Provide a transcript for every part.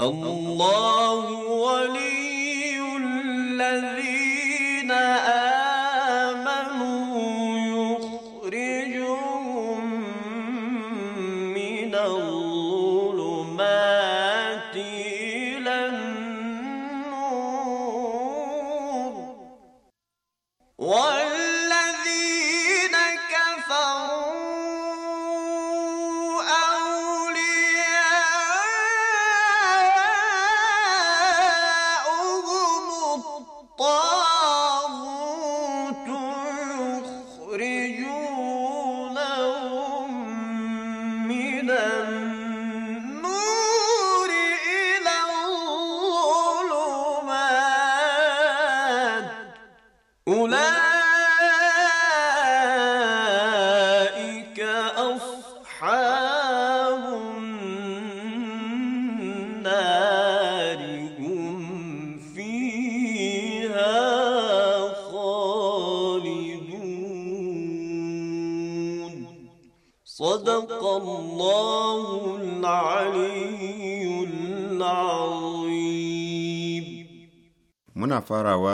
الله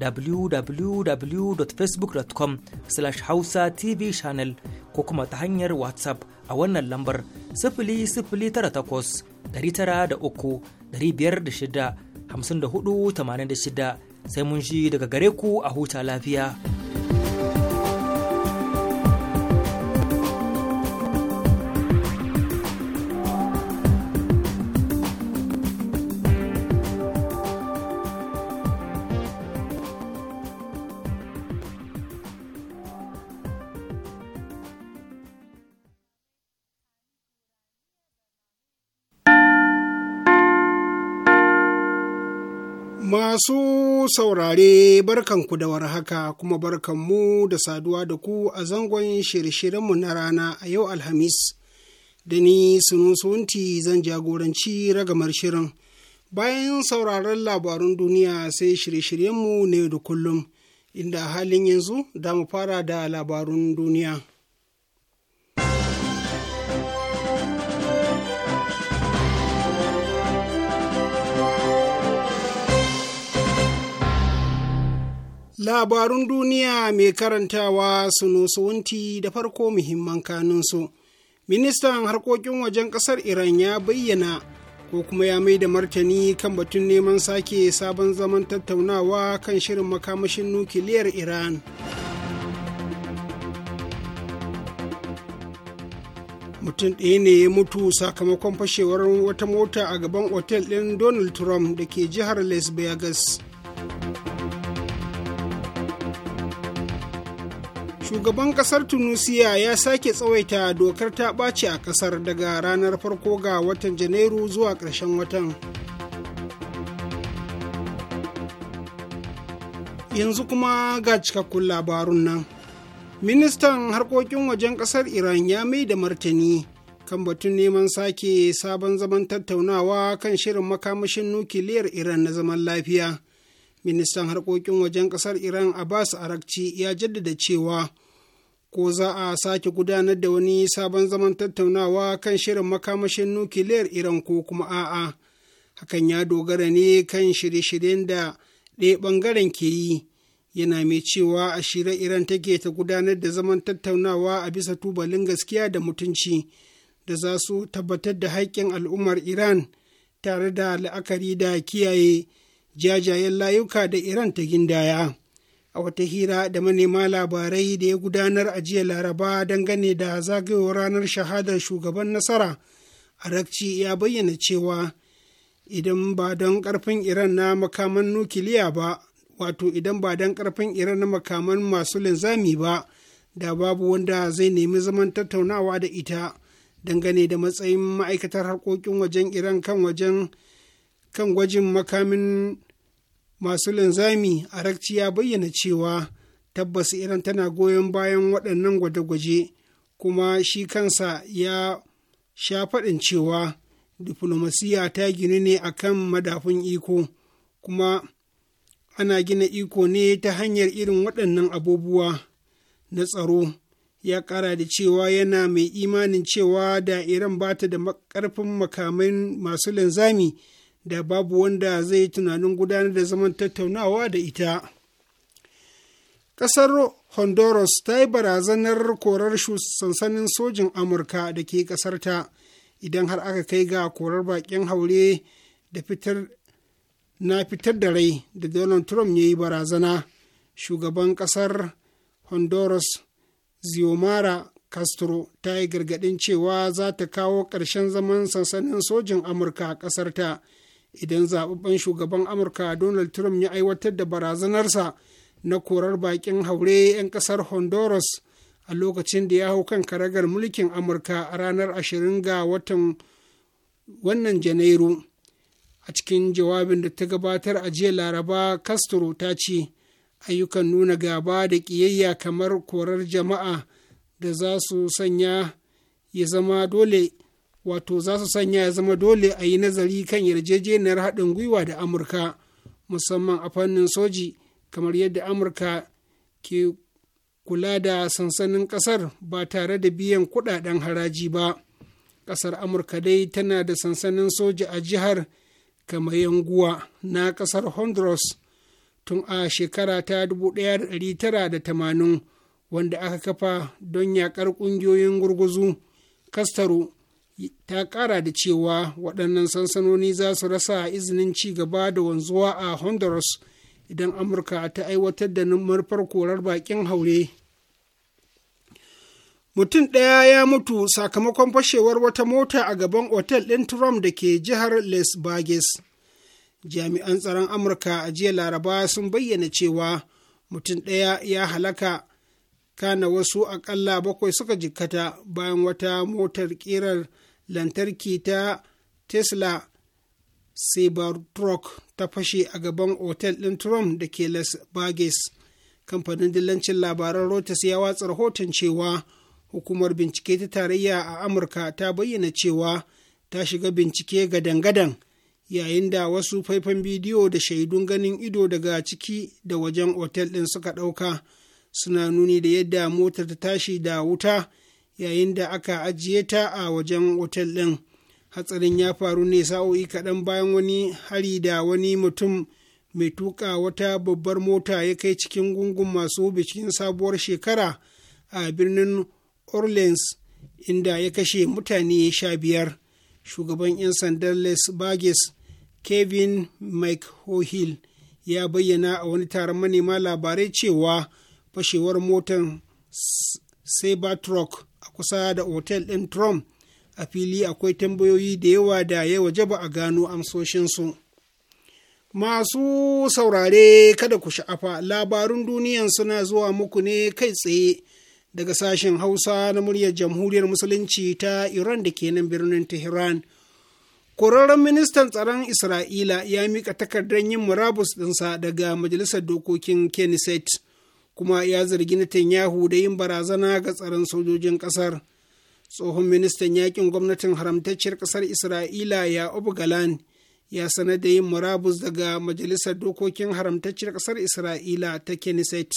www.facebook.com slash hausa tv channel ko kuma ta hanyar whatsapp a wannan lambar 00800 503 506 5486 sai mun shi daga gare ku a huta lafiya. Masu saurare barkanku da warhaka kuma barkanmu da saduwa da ku a zangon shirye-shiryenmu na rana a yau Alhamis. Da ni sunusunti zan jagoranci ragamar shirin. Bayan sauraron labarun duniya sai shirye-shiryenmu ne da kullum, inda halin yanzu da mu fara da labarun duniya. Labarun duniya mai karantawa su wunti da farko muhimman kanunsu. Ministan harkokin wajen ƙasar Iran ya bayyana ko kuma ya mai da martani kan batun neman sake sabon zaman tattaunawa kan shirin makamashin nukiliyar Iran. mutum ɗaya ne ya mutu sakamakon fashewar wata mota a gaban otel ɗin donald trump da ke jihar las vegas shugaban kasar tunisia ya sake tsawaita dokar ta ɓaci a kasar daga ranar farko ga watan janairu zuwa ƙarshen watan yanzu kuma ga cikakkun labarun nan ministan harkokin wajen kasar iran ya mai da martani kan batun neman sake sabon zaman tattaunawa kan shirin makamashin nukiliyar iran na zaman lafiya ministan harkokin wajen kasar iran abbas arakci ya jaddada cewa ko za a sake gudanar da wani sabon zaman tattaunawa kan shirin makamashin nukiliyar iran ko kuma a'a hakan ya dogara ne kan shirye-shiryen da ɗaya ɓangaren ke yi yana mai cewa a shirin iran take ta gudanar da zaman tattaunawa a bisa tubalin gaskiya da mutunci da za su tabbatar da haƙƙin al'ummar iran tare da la'akari da kiyaye jajayen layuka da iran ta gindaya. a wata hira da manema labarai da ya gudanar a jiya laraba dangane da zagayowar ranar shahadar shugaban nasara arakci ya bayyana cewa idan ba don karfin iran na makaman nukiliya ba wato idan ba don karfin iran na makaman masu linzami ba da babu wanda zai nemi zaman tattaunawa da ita dangane da matsayin ma'aikatar harkokin wajen iran kan wajen kan gwajin makamin masu linzami arakci ya bayyana cewa tabbas iran tana goyon bayan waɗannan gwaje-gwaje kuma shi kansa ya sha faɗin cewa diflomasiya ta ginu ne akan madafun iko kuma ana gina iko ne ta hanyar irin waɗannan abubuwa na tsaro ya kara da cewa yana mai imanin cewa da iran ba ta da ƙarfin makamai masu linzami da babu wanda zai yi tunanin gudanar da zaman tattaunawa da ita ƙasar honduras ta yi barazanar korar sansanin sojin amurka da ke ƙasarta idan har aka kai ga korar baƙin haure da fitar na fitar da rai da donald trump ya yi barazana shugaban ƙasar honduras ziomara castro ta yi gargaɗin cewa za ta kawo ƙarshen zaman sansanin sojin amurka a ƙasarta idan zababben shugaban amurka donald trump ya aiwatar da barazanarsa na korar bakin haure 'yan ƙasar honduras a lokacin da ya hau kan karagar mulkin amurka a ranar 20 ga watan wannan janairu a cikin jawabin da ta gabatar a jiya laraba castro ta ce ayyukan nuna gaba da ƙiyayya kamar korar jama'a da za su sanya ya zama dole wato za su sanya ya zama dole a yi nazari kan yarjejeniyar haɗin gwiwa da amurka musamman a fannin soji kamar yadda amurka ke kula da sansanin ƙasar ba tare da biyan kuɗaɗen haraji ba ƙasar amurka dai tana da sansanin soji a jihar kamayanguwa na ƙasar honduras tun a shekara ta 1980 wanda aka kafa don yaƙar ƙungiyoyin gurguzu kastaro ta kara da cewa waɗannan sansanoni za su rasa izinin ci gaba da wanzuwa a honduras idan amurka ta aiwatar da manufar korar bakin haure mutum ɗaya ya mutu sakamakon fashewar wata mota a gaban otel ɗin trump da ke jihar les bages jami'an tsaron amurka a jiya laraba sun bayyana cewa mutum ɗaya ya halaka kana wasu akalla bakwai suka jikkata bayan wata motar ƙirar lantarki ta tesla cybertruck ta fashe a gaban otel ɗin trump da ke las vegas kamfanin dillancin labaran Reuters ya watsa rahoton cewa hukumar bincike ta tarayya a Amurka ta bayyana cewa ta shiga bincike gadan-gadan yayin da wasu faifan bidiyo da shaidun ganin ido daga ciki da wajen otel ɗin suka ɗauka suna nuni da yadda motar ta tashi da wuta yayin da aka ajiye ta a wajen otal ɗin hatsarin ya faru ne sa'o'i kaɗan bayan wani hari da wani mutum mai tuka wata babbar mota ya kai cikin gungun masu bikin sabuwar shekara a birnin orleans inda ya kashe mutane sha biyar shugaban 'yan sandan les bages kevin mchohil ya bayyana a wani taron manema labarai cewa fashewar motan sabatrock kusa da otel ɗin trump a fili akwai tambayoyi da yawa da ya waje ba a gano amsoshinsu masu saurare kada ku sha'afa labarun duniyan suna zuwa muku ne kai tsaye daga sashen hausa na muryar jamhuriyar musulunci ta iran da ke nan birnin tehran Kwararren ministan tsaron Isra'ila ya mika takardar yin murabus ɗinsa daga Majalisar Dokokin kenneth kuma ya zargi Netanyahu da yin barazana ga tsaron sojojin ƙasar. Tsohon ministan yakin gwamnatin haramtacciyar ƙasar Isra'ila ya Galan ya sanar da yin murabus daga Majalisar Dokokin Haramtacciyar ƙasar Isra'ila ta Knesset,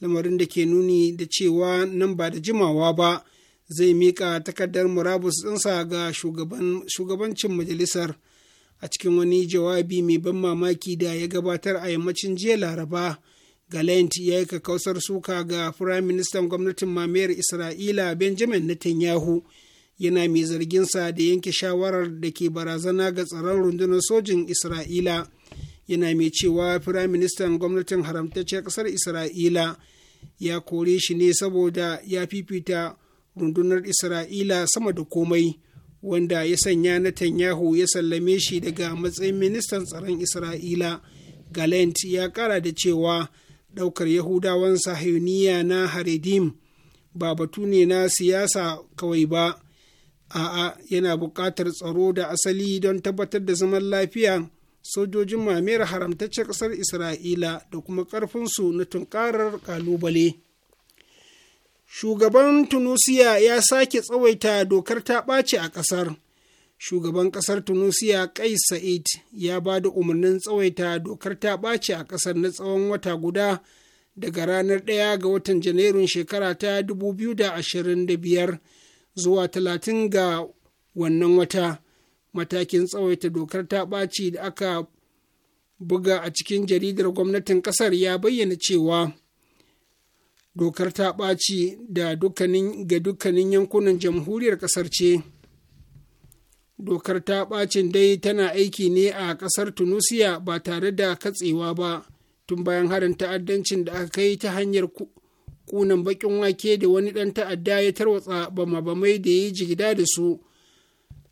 lamarin da ke nuni da cewa nan ba da jimawa ba zai miƙa takardar murabus ɗinsa ga shugabancin majalisar. a cikin wani jawabi mai ban mamaki da ya gabatar a yammacin jiya laraba Galent ya yi kakausar suka ga Firayim Ministan Gwamnatin Mamayar Isra'ila Benjamin Netanyahu yana mai zarginsa da yanke shawarar da ke barazana ga tsaron rundunar sojin Isra'ila. Yana mai cewa Firayim Ministan Gwamnatin Haramtacciyar Ƙasar Isra'ila ya kore shi ne saboda ya fifita rundunar Isra'ila sama da komai. Wanda ya sanya Netanyahu ya sallame shi daga matsayin ministan tsaron Isra'ila, Galent ya kara da cewa ɗaukar yahudawan sahiyoniya na haredim ba batu ne na siyasa kawai ba a'a yana buƙatar tsaro da asali don tabbatar da zaman lafiya sojojin mamayar haramtaccen ƙasar isra'ila da kuma ƙarfinsu na tunƙarar ƙalubale shugaban tunusiya ya sake tsawaita dokar ta ɓace a ƙasar shugaban kasar tunisia kai sa'id ya ba da umarnin tsawaita dokar ta ɓaci a ƙasar na tsawon wata guda daga ranar 1 ga watan janairun shekara ta 2025 zuwa 30 ga wannan wata matakin tsawaita dokar ta ɓaci da aka buga a cikin jaridar gwamnatin kasar ya bayyana cewa dokar ta ɓaci ga dukkanin yankunan jamhuriyar ƙasar ce. dokar ta ɓacin dai tana aiki ne a ƙasar tunisia ba tare da katsewa ba tun bayan harin ta'addancin da aka kai ta hanyar kunan bakin wake da wani dan ta'adda ya tarwatsa bama-bamai da ya yi jigida da su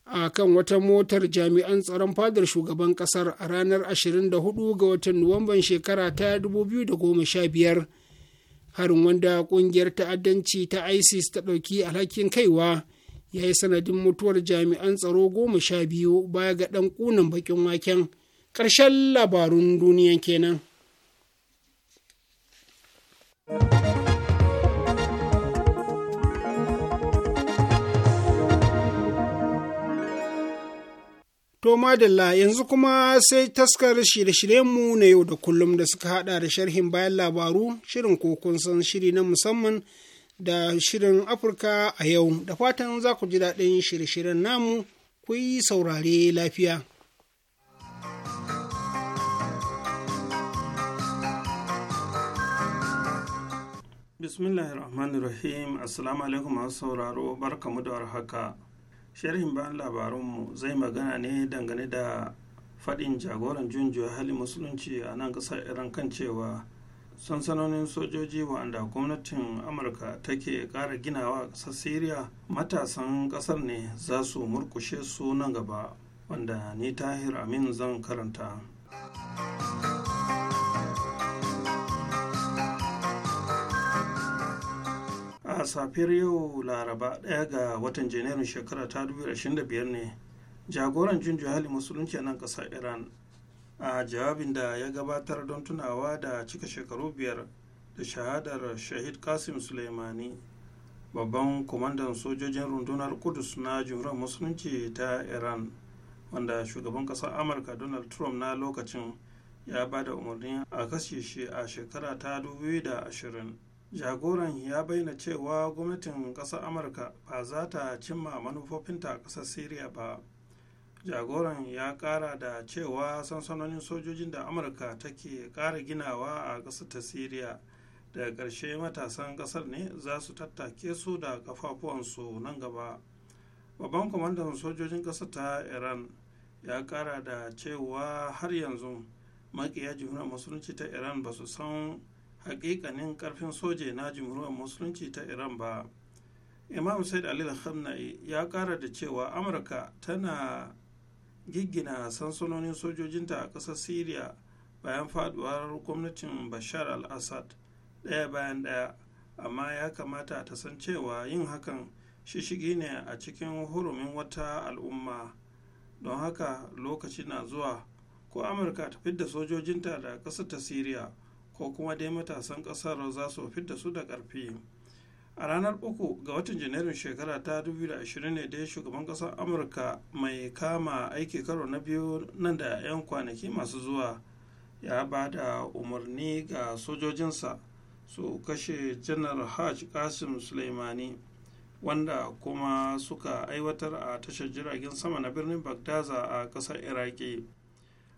a kan wata motar jami'an tsaron fadar shugaban kasar a ranar 24 ga watan Nuwamban shekara ta 2015 harin wanda kungiyar ta'addanci ta isis ta ɗauki alhakin kaiwa ya yi sanadin mutuwar jami'an tsaro goma sha biyu baya ga ɗan ƙunan baƙin waken ƙarshen labarun duniya kenan. To madalla yanzu kuma sai taskar shirye-shiryenmu na yau da kullum da suka hada da sharhin bayan labaru, shirin kokon san shiri na musamman da shirin Afirka a yau da fatan za ku ji daɗin shirye-shiryen namu ku yi saurare lafiya. Bismillahirrahmanirrahim Assalamu alaikum masu sauraro barkamu da warhaka. Sharhin bayan labarunmu zai magana ne dangane da faɗin jagoran junjiya hali musulunci a nan ƙasar Iran kan cewa sansanonin sojoji wanda gwamnatin amurka take kara ginawa a ƙasar syria matasan ƙasar ne za su murkushe su nan gaba wanda ni tahir amin zan karanta a safiyar yau laraba ɗaya ga watan janairun shekara ta 2025 ne jagoran hali musulunci a nan ƙasar iran a jawabin da ya gabatar don tunawa da cika shekaru biyar da shahadar shahid kasim suleimani babban kwamandan sojojin rundunar kudus na jumhuriyar musulunci ta iran wanda shugaban kasar amurka donald trump na lokacin ya ba da umarni a kashe shi a shekara ta 2020 jagoran ya bayyana cewa gwamnatin kasar amurka ba za ta cimma manufofinta a kasar syria ba jagoran ya kara da cewa sansanonin sojojin da amurka take kara ginawa a kasar ta siriya daga ƙarshe matasan ƙasar ne za su tattake su da kafafuwansu nan gaba babban kwamandan sojojin ƙasar ta iran ya kara da cewa har yanzu makiya jimhuriyar musulunci ta iran ba su san hakikanin karfin soje na jimhuriyar musulunci ta iran ba imam said alil khamnai ya kara da cewa amurka tana giggina sansanonin sojojinta a ƙasar syria bayan faduwar gwamnatin bashar al-assad ɗaya bayan ɗaya amma ya kamata ta san cewa yin hakan shishigi ne a cikin hurumin wata al'umma don haka lokaci na zuwa ko amurka ta fidda sojojinta da ƙasar ta syria ko kuma dai matasan ƙasar za su fidda su da ƙarfi. a ranar 3 ga watan janairun shekara ta 2020 ne dai shugaban kasar amurka mai kama aiki karo na biyu nan da 'yan kwanaki masu zuwa ya ba da umarni ga sojojinsa su kashe janar hajj kasim suleimani wanda kuma suka aiwatar a tashar jiragen sama na birnin bagdaza a kasar iraki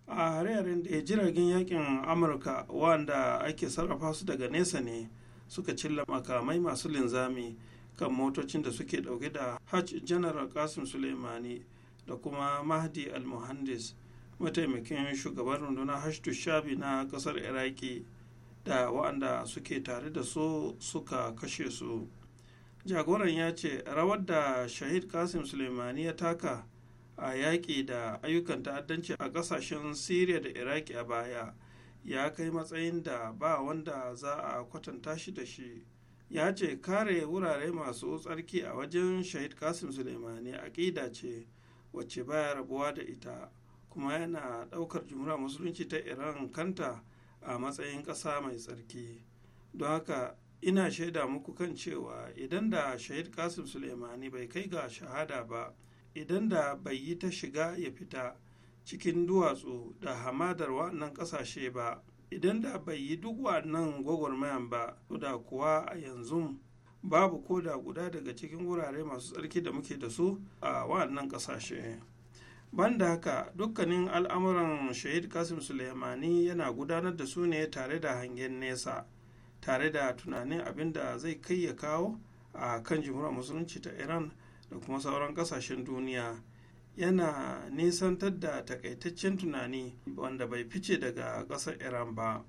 a hare-haren da jiragen yakin amurka wanda ake sarrafa su daga nesa ne suka cilla makamai masu linzami kan motocin da suke dauke da hajj general kasim suleimani da kuma mahdi al-muhandis mataimakin shugaban rundunar hashtu shabi na kasar iraki da wa'anda suke tare da su suka kashe su jagoran ya ce rawar da shahid kasim suleimani ya taka a yaƙi da ayyukan ta'addanci a ƙasashen syria da iraki a baya ya kai matsayin da ba wanda za a kwatanta shi da shi ya ce kare wurare masu tsarki a wajen shahid kasim suleimani aƙida ce wacce baya rabuwa da ita kuma yana ɗaukar jumhuriyar musulunci ta iran kanta a matsayin ƙasa mai tsarki don haka ina shaida muku kan cewa idan da shahid kasim suleimani bai kai ga shahada ba idan da bai yi ta shiga ya fita cikin duwatsu da hamadar wannan ƙasashe ba idan da bai yi duk wannan gwagwarmayan ba to da kuwa a yanzu babu ko da guda daga cikin wurare masu tsarki da muke da su a wannan ƙasashe da haka dukkanin al'amuran shahid kasim suleimani yana gudanar da su ne tare da hangen nesa tare da tunanin abin da zai kai ya kawo a kan jimhuriyar musulunci ta iran da kuma sauran kasashen duniya yana nisantar da takaitaccen tunani wanda bai fice daga ƙasar iran ba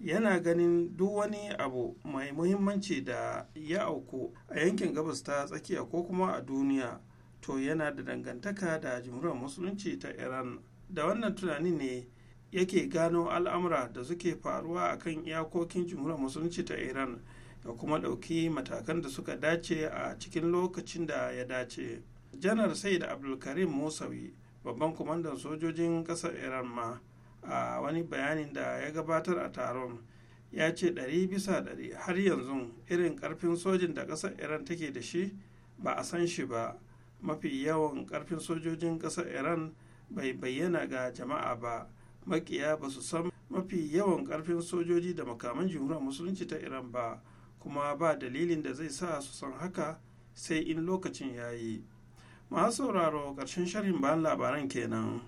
yana ganin duk wani abu mai muhimmanci da ya auku a yankin gabas ta tsakiya ko kuma a duniya to yana da dangantaka da jimhuriyar musulunci ta iran da wannan tunani ne yake gano al'amura da suke faruwa a kan iyakokin jimhuriyar musulunci ta iran da kuma ɗauki matakan da suka dace a cikin lokacin da ya dace janar said abdulkarim musawi babban kwamandan sojojin kasar iran ma a wani bayanin da ya gabatar a taron ya ce ɗari bisa ɗari har yanzu irin ƙarfin sojin da ƙasar iran take da shi ba a san shi ba mafi yawan ƙarfin sojojin ƙasar iran bai bayyana ga jama'a ba makiya ba su san mafi yawan ƙarfin sojoji da makaman jimhuriyar musulunci ta iran ba kuma ba dalilin da zai sa su san haka sai in lokacin ya yi masu sauraro ƙarshen shirin bayan labaran kenan.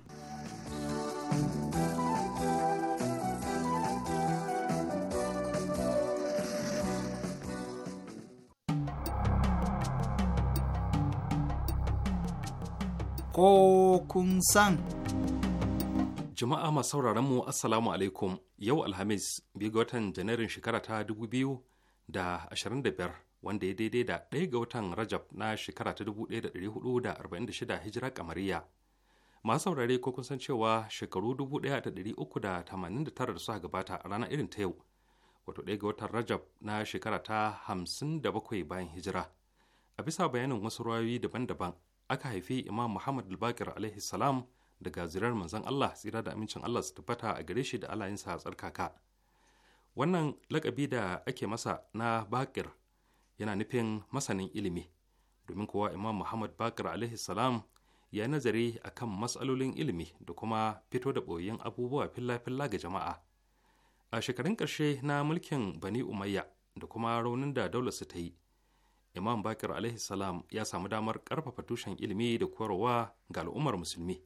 Ko kun san. Jama'a masu sauraron mu Assalamu alaikum yau Alhamis biyu ga watan Janairun shekara ta 2025 wanda ya daidai da ɗaya ga watan rajab na shekara ta 1446 hijira kamariya masu saurare ko kun san cewa shekaru 1389 da suka gabata a ranar irin ta yau wato ɗaya ga watan rajab na shekara ta 57 bayan hijira a bisa bayanin wasu ruwayoyi daban-daban aka haifi imam muhammad al-bakir alaihi salam daga zirar manzon allah tsira da amincin allah su tabbata a gare shi da yin sa tsarkaka wannan lakabi da ake masa na bakir yana nufin masanin ilimi domin kuwa imam muhammad bakar alaihi salam ya nazari a kan matsalolin ilimi da kuma fito da ɓoyin abubuwa filla-filla ga jama'a a shekarun ƙarshe na mulkin bani umayya da kuma raunin da daular su ta yi imam bakir alaihi salam ya samu damar ƙarfafa tushen ilimi da koyarwa ga al'ummar musulmi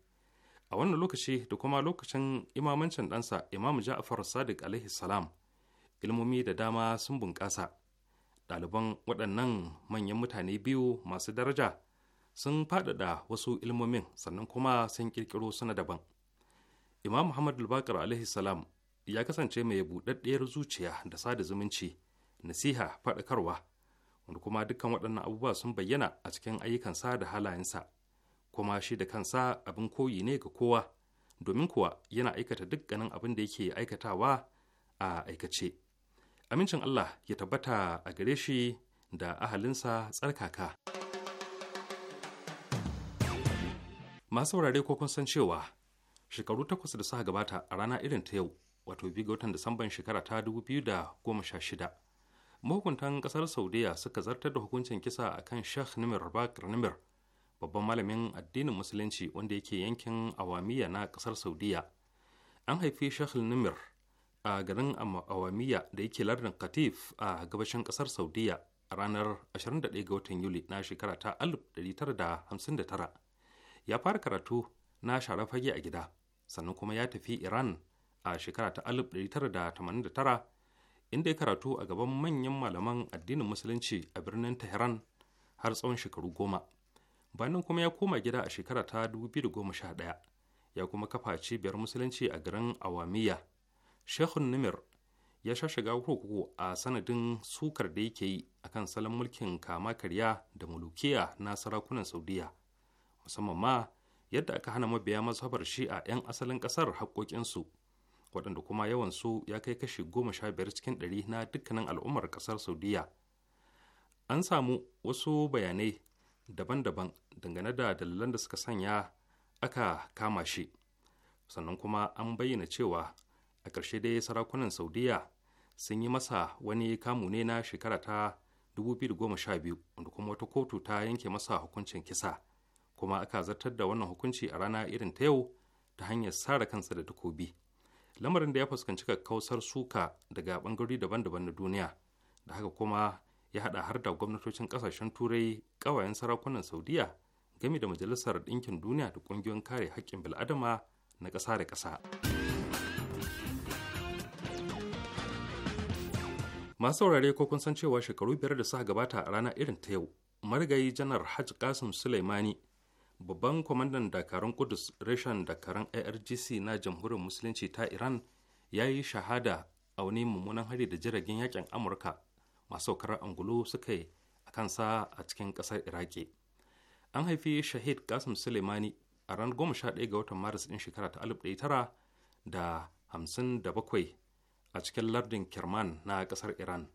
a wannan lokaci da kuma lokacin imamancin ɗansa imam ja'far sadiq alaihi salam ilmomi da dama sun bunƙasa ɗaliban waɗannan manyan mutane biyu masu daraja sun faɗaɗa wasu ilmomin sannan kuma sun ƙirƙiro suna daban imam muhammad Albakar alaihi salam ya kasance mai buɗaɗɗiyar zuciya da sada zumunci nasiha faɗakarwa wanda kuma dukkan waɗannan abubuwa sun bayyana a cikin ayyukansa da halayensa kuma shi da kansa abin koyi ne ga kowa domin kuwa yana aikata dukkanin abin da yake aikatawa a aikace. Amincin Allah ya tabbata a gare shi da ahalinsa tsarkaka. Masu wurare ko kun san cewa shekaru takwas da suka gabata a rana irin ta yau wato biyu ga watan Disamban shekara ta dubu biyu da goma sha shida Mahukuntan kasar Saudiya suka zartar da hukuncin kisa a kan Sheikh Nimir Bakr Nimir, babban malamin addinin Musulunci wanda yake yankin Awamiya na kasar Saudiya. An haifi Sheikh Nimir a garin awamiya da yake lardin katif a gabashin kasar saudiya a ranar 21 ga watan yuli na shekara ta 1959 ya fara karatu na shara a gida sannan kuma ya tafi iran a shekara ta 1989 inda ya karatu a gaban manyan malaman addinin musulunci a birnin tehran har tsawon shekaru goma bayan kuma ya koma gida a shekara ta 2011 ya kuma kafa cibiyar musulunci a garin awamiya shehun nimir ya sha shiga kurkuku a sanadin sukar da yake yi a kan salon mulkin kama karya da mulukiya na sarakunan saudiya musamman ma yadda aka hana mabiya mazhabar a 'yan asalin kasar haƙoƙinsu waɗanda kuma yawansu ya kai kashi goma sha biyar cikin ɗari na dukkanin al'ummar ƙasar saudiya an samu wasu bayanai daban-daban dangane da dalilan da suka sanya aka kama shi sannan kuma an bayyana cewa a ƙarshe dai sarakunan saudiya sun yi masa wani kamu ne na shekara ta 2012 wanda kuma wata kotu ta yanke masa hukuncin kisa kuma aka zartar da wannan hukunci a rana irin ta yau ta hanyar sare kansa da takobi lamarin da ya fuskanci kakkausar suka daga bangarori daban-daban na duniya da haka kuma ya hada har da gwamnatocin kasashen turai kawayen sarakunan saudiya game da majalisar ɗinkin duniya da ƙungiyoyin kare haƙƙin bil'adama na ƙasa da ƙasa. masu saurare ko kun san cewa shekaru biyar da suka gabata a rana irin ta yau marigayi janar hajj kasim suleimani babban kwamandan dakarun kudus reshen dakarun irgc na jamhuriyar musulunci ta iran ya yi shahada a wani mummunan hari da jiragen yakin amurka masu saukar angulu suka yi a kansa a cikin kasar iraki an haifi shahid kasim suleimani a ran 11 ga watan maris din shekara ta 1957 a cikin lardin kirman na ƙasar iran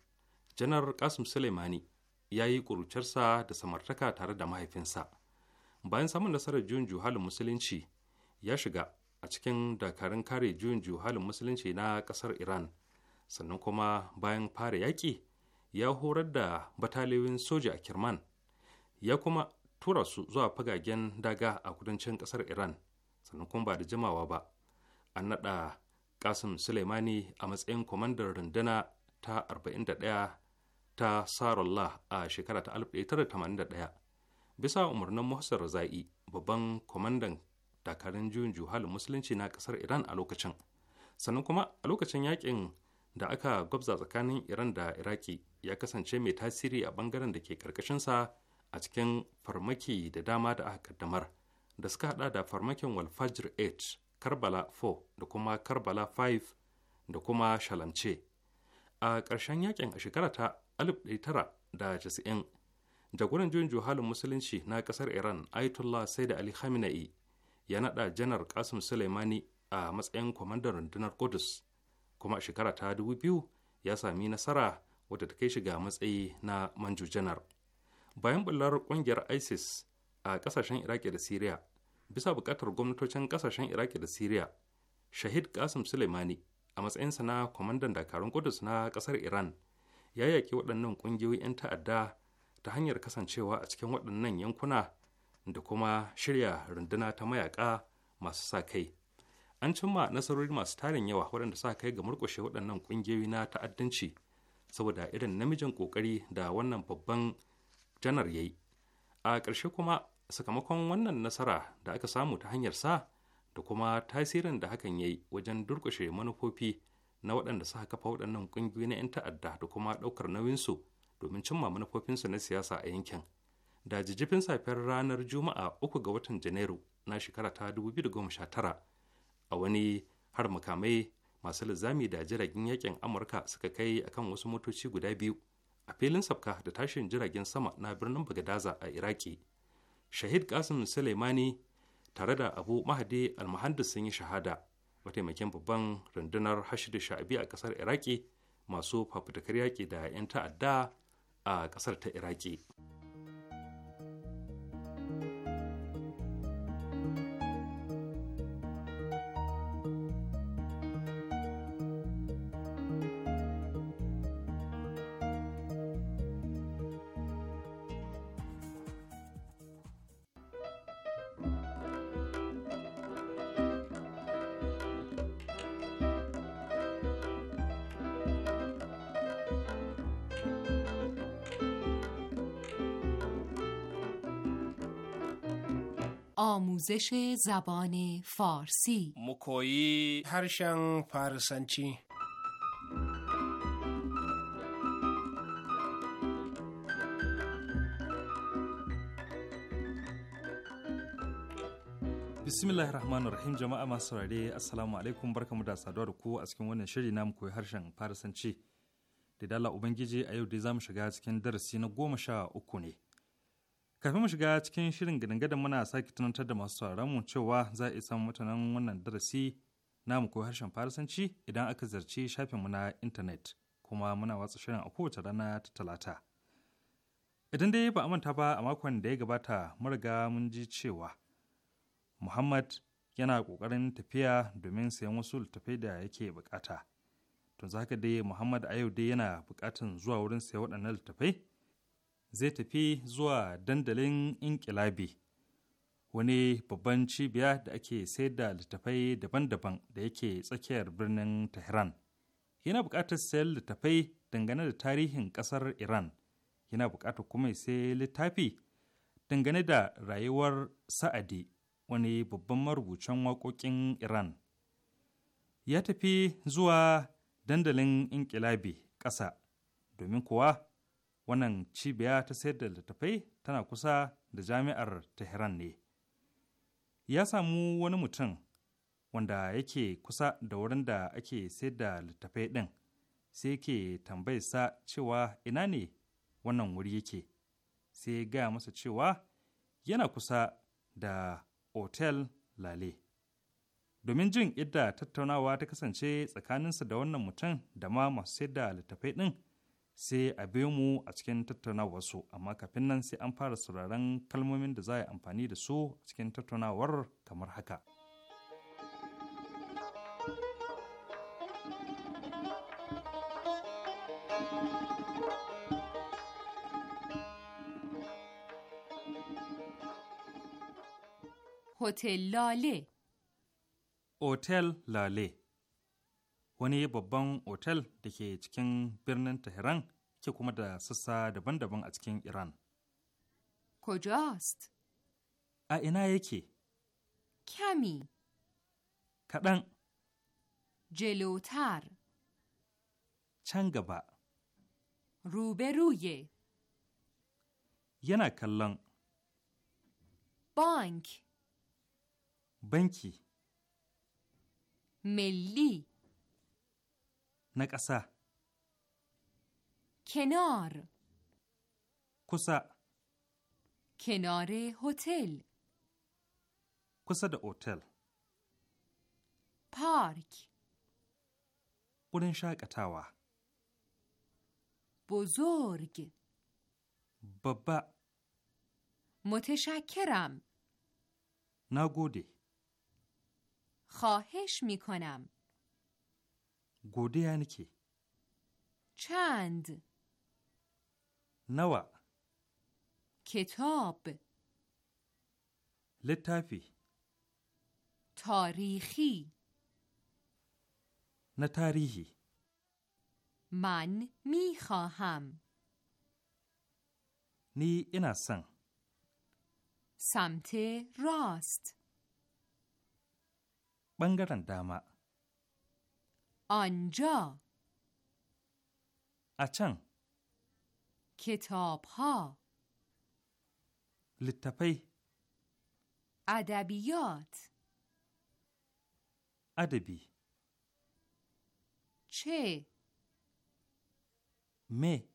janar kasim suleimani ya yi ƙuruciyarsa da samartaka tare da mahaifinsa bayan samun nasarar juyin juhalin musulunci ya shiga a cikin dakarun kare juyin juhalin musulunci na ƙasar iran sannan kuma bayan fara yaƙi ya horar da bataliyoyin soja a kirman ya kuma tura su zuwa fagagen daga a kudancin ƙasar iran sannan kuma ba da jimawa ba an naɗa kasim suleimani a matsayin kwamandar rundunar ta 41 ta sarullah a shekara ta 1981 bisa umarnin muhassar raza'i babban kwamandan dakarun juyin juhalin musulunci na kasar iran a lokacin sannan kuma a lokacin yakin da aka gwabza tsakanin iran da iraki ya kasance mai tasiri a bangaren da ke karkashinsa a cikin farmaki da dama da aka kaddamar da suka hada da farmakin walfajir 8 Karbala 4 da kuma Karbala 5 da kuma Shalamce. A ƙarshen yakin a shekara ta 1990, jagoran juyin juhalin musulunci na ƙasar Iran Ayatollah Saida Ali Khamenei ya naɗa janar Qasim Soleimani a matsayin kwamandan rundunar Qudus, kuma a shekara ta 2000 ya sami nasara wadda ta kai shi ga matsayi na manju janar. Bayan bullar ƙungiyar ISIS a ƙasashen Iraki da Siriya, bisa buƙatar gwamnatocin ƙasashen iraki da siriya shahid kasim suleimani a matsayinsa na kwamandan dakarun kudus na ƙasar iran ya yaƙi waɗannan ƙungiyoyi 'yan ta'adda ta hanyar kasancewa a cikin waɗannan yankuna da kuma shirya runduna ta mayaƙa masu sa kai an cimma nasarori masu tarin yawa waɗanda sa kai ga murƙushe waɗannan ƙungiyoyi na ta'addanci saboda irin namijin ƙoƙari da wannan babban janar ya yi a ƙarshe kuma sakamakon wannan nasara da aka samu ta hanyar sa da kuma tasirin da hakan ya yi wajen durkushe manufofi na waɗanda suka kafa waɗannan ƙungiyoyi na 'yan ta'adda da kuma ɗaukar nauyinsu domin cimma manufofinsu na siyasa a yankin. Da jijjifin safiyar ranar Juma'a 3 ga watan Janairu na shekara ta 2019 a wani har makamai masu lizami da jiragen yakin Amurka suka kai akan wasu motoci guda biyu a filin sabka da tashin jiragen sama na birnin Bagadaza a Iraki. shahid kasim suleimani tare da abu mahadi almuhandis sun yi shahada mataimakin babban rundunar hashid sha'abi a kasar iraki masu fafutukar yaƙi da 'yan ta'adda a kasar ta iraki. آموزش زبان فارسی مکویی هرشن فارسنچی bismillah rahman rahim jama'a masu saurare assalamu alaikum barkamu da saduwa da ku a cikin wannan shiri na koyi harshen farisanci da dala ubangiji a yau dai za mu shiga cikin darasi na goma sha uku ne kafin mu shiga cikin shirin gidan muna sake tunantar da masu sauraron mu cewa za a isa mutanen wannan darasi namu ko harshen farisanci idan aka zarci mu na intanet kuma muna watsa shirin a kowace rana ta talata idan dai ba a manta ba a makon da ya gabata mun riga mun ji cewa muhammad yana kokarin tafiya domin sayan wasu littattafai da yake bukata to haka dai muhammad a yau dai yana bukatan zuwa wurin sayan waɗannan littattafai zai tafi zuwa dandalin inkilabi wani babban cibiya da ake sayar da littafai daban-daban da yake tsakiyar birnin tehran yana buƙatar sayar littafai dangane da tarihin ƙasar iran yana buƙatar kuma sai littafi dangane da rayuwar sa'adi wani babban marubucin waƙoƙin iran ya tafi zuwa dandalin inkilabi ƙasa domin kuwa wannan cibiya ta sayar da littattafai tana kusa da jami'ar tehran ne ya samu wani mutum wanda yake kusa da wurin da ake sayar da littattafai ɗin sai yake tambayarsa cewa ina ne wannan wuri yake sai ga gaya masa cewa yana kusa da otel lale domin jin idda tattaunawa ta kasance tsakaninsa da wannan mutum da ma masu sayar da littattafai ɗin sai a be mu a cikin tattaunawar su amma kafin nan sai an fara sauraron kalmomin da za a yi amfani da su a cikin tattaunawar kamar haka. hotel lale hotel lale wani babban otel da ke cikin birnin Tehran ke kuma da sassa daban-daban a cikin Iran. Kojost? A ina yake? Kyami. Kaɗan. Jelotar. Can gaba. Rube ruye. Yana kallon. Bank. Banki. Melli. نکسا کنار کسا کنار هتل کسا ده هتل پارک قرنشاق اتاوا بزرگ بابا متشکرم نگودی خواهش میکنم گوده یعنی کی چند نوا کتاب لطفی تاریخی نه من میخواهم نی این سن سمت راست بنگرن دامه آنجا اچن کتاب ها لطفی ادبیات ادبی چه می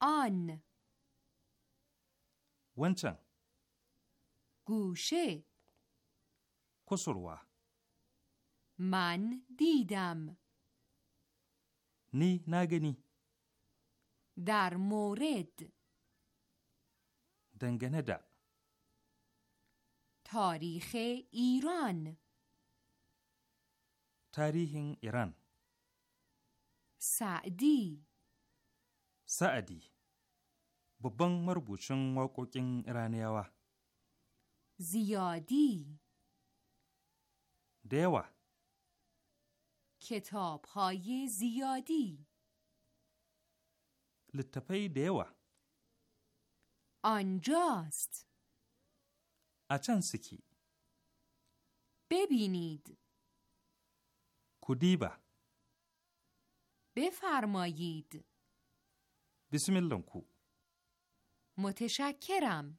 آن ونچن گوشه کسروا من دیدم نی نگنی در مورد دنگنه دا تاریخ ایران تاریخ ایران سعدی سعدی babban marubucin waƙoƙin Iraniyawa. Ziyadi Da yawa کتاب های زیادی لطفه دیوه آنجاست اچن سکی ببینید کدیبا بفرمایید بسم الله کو متشکرم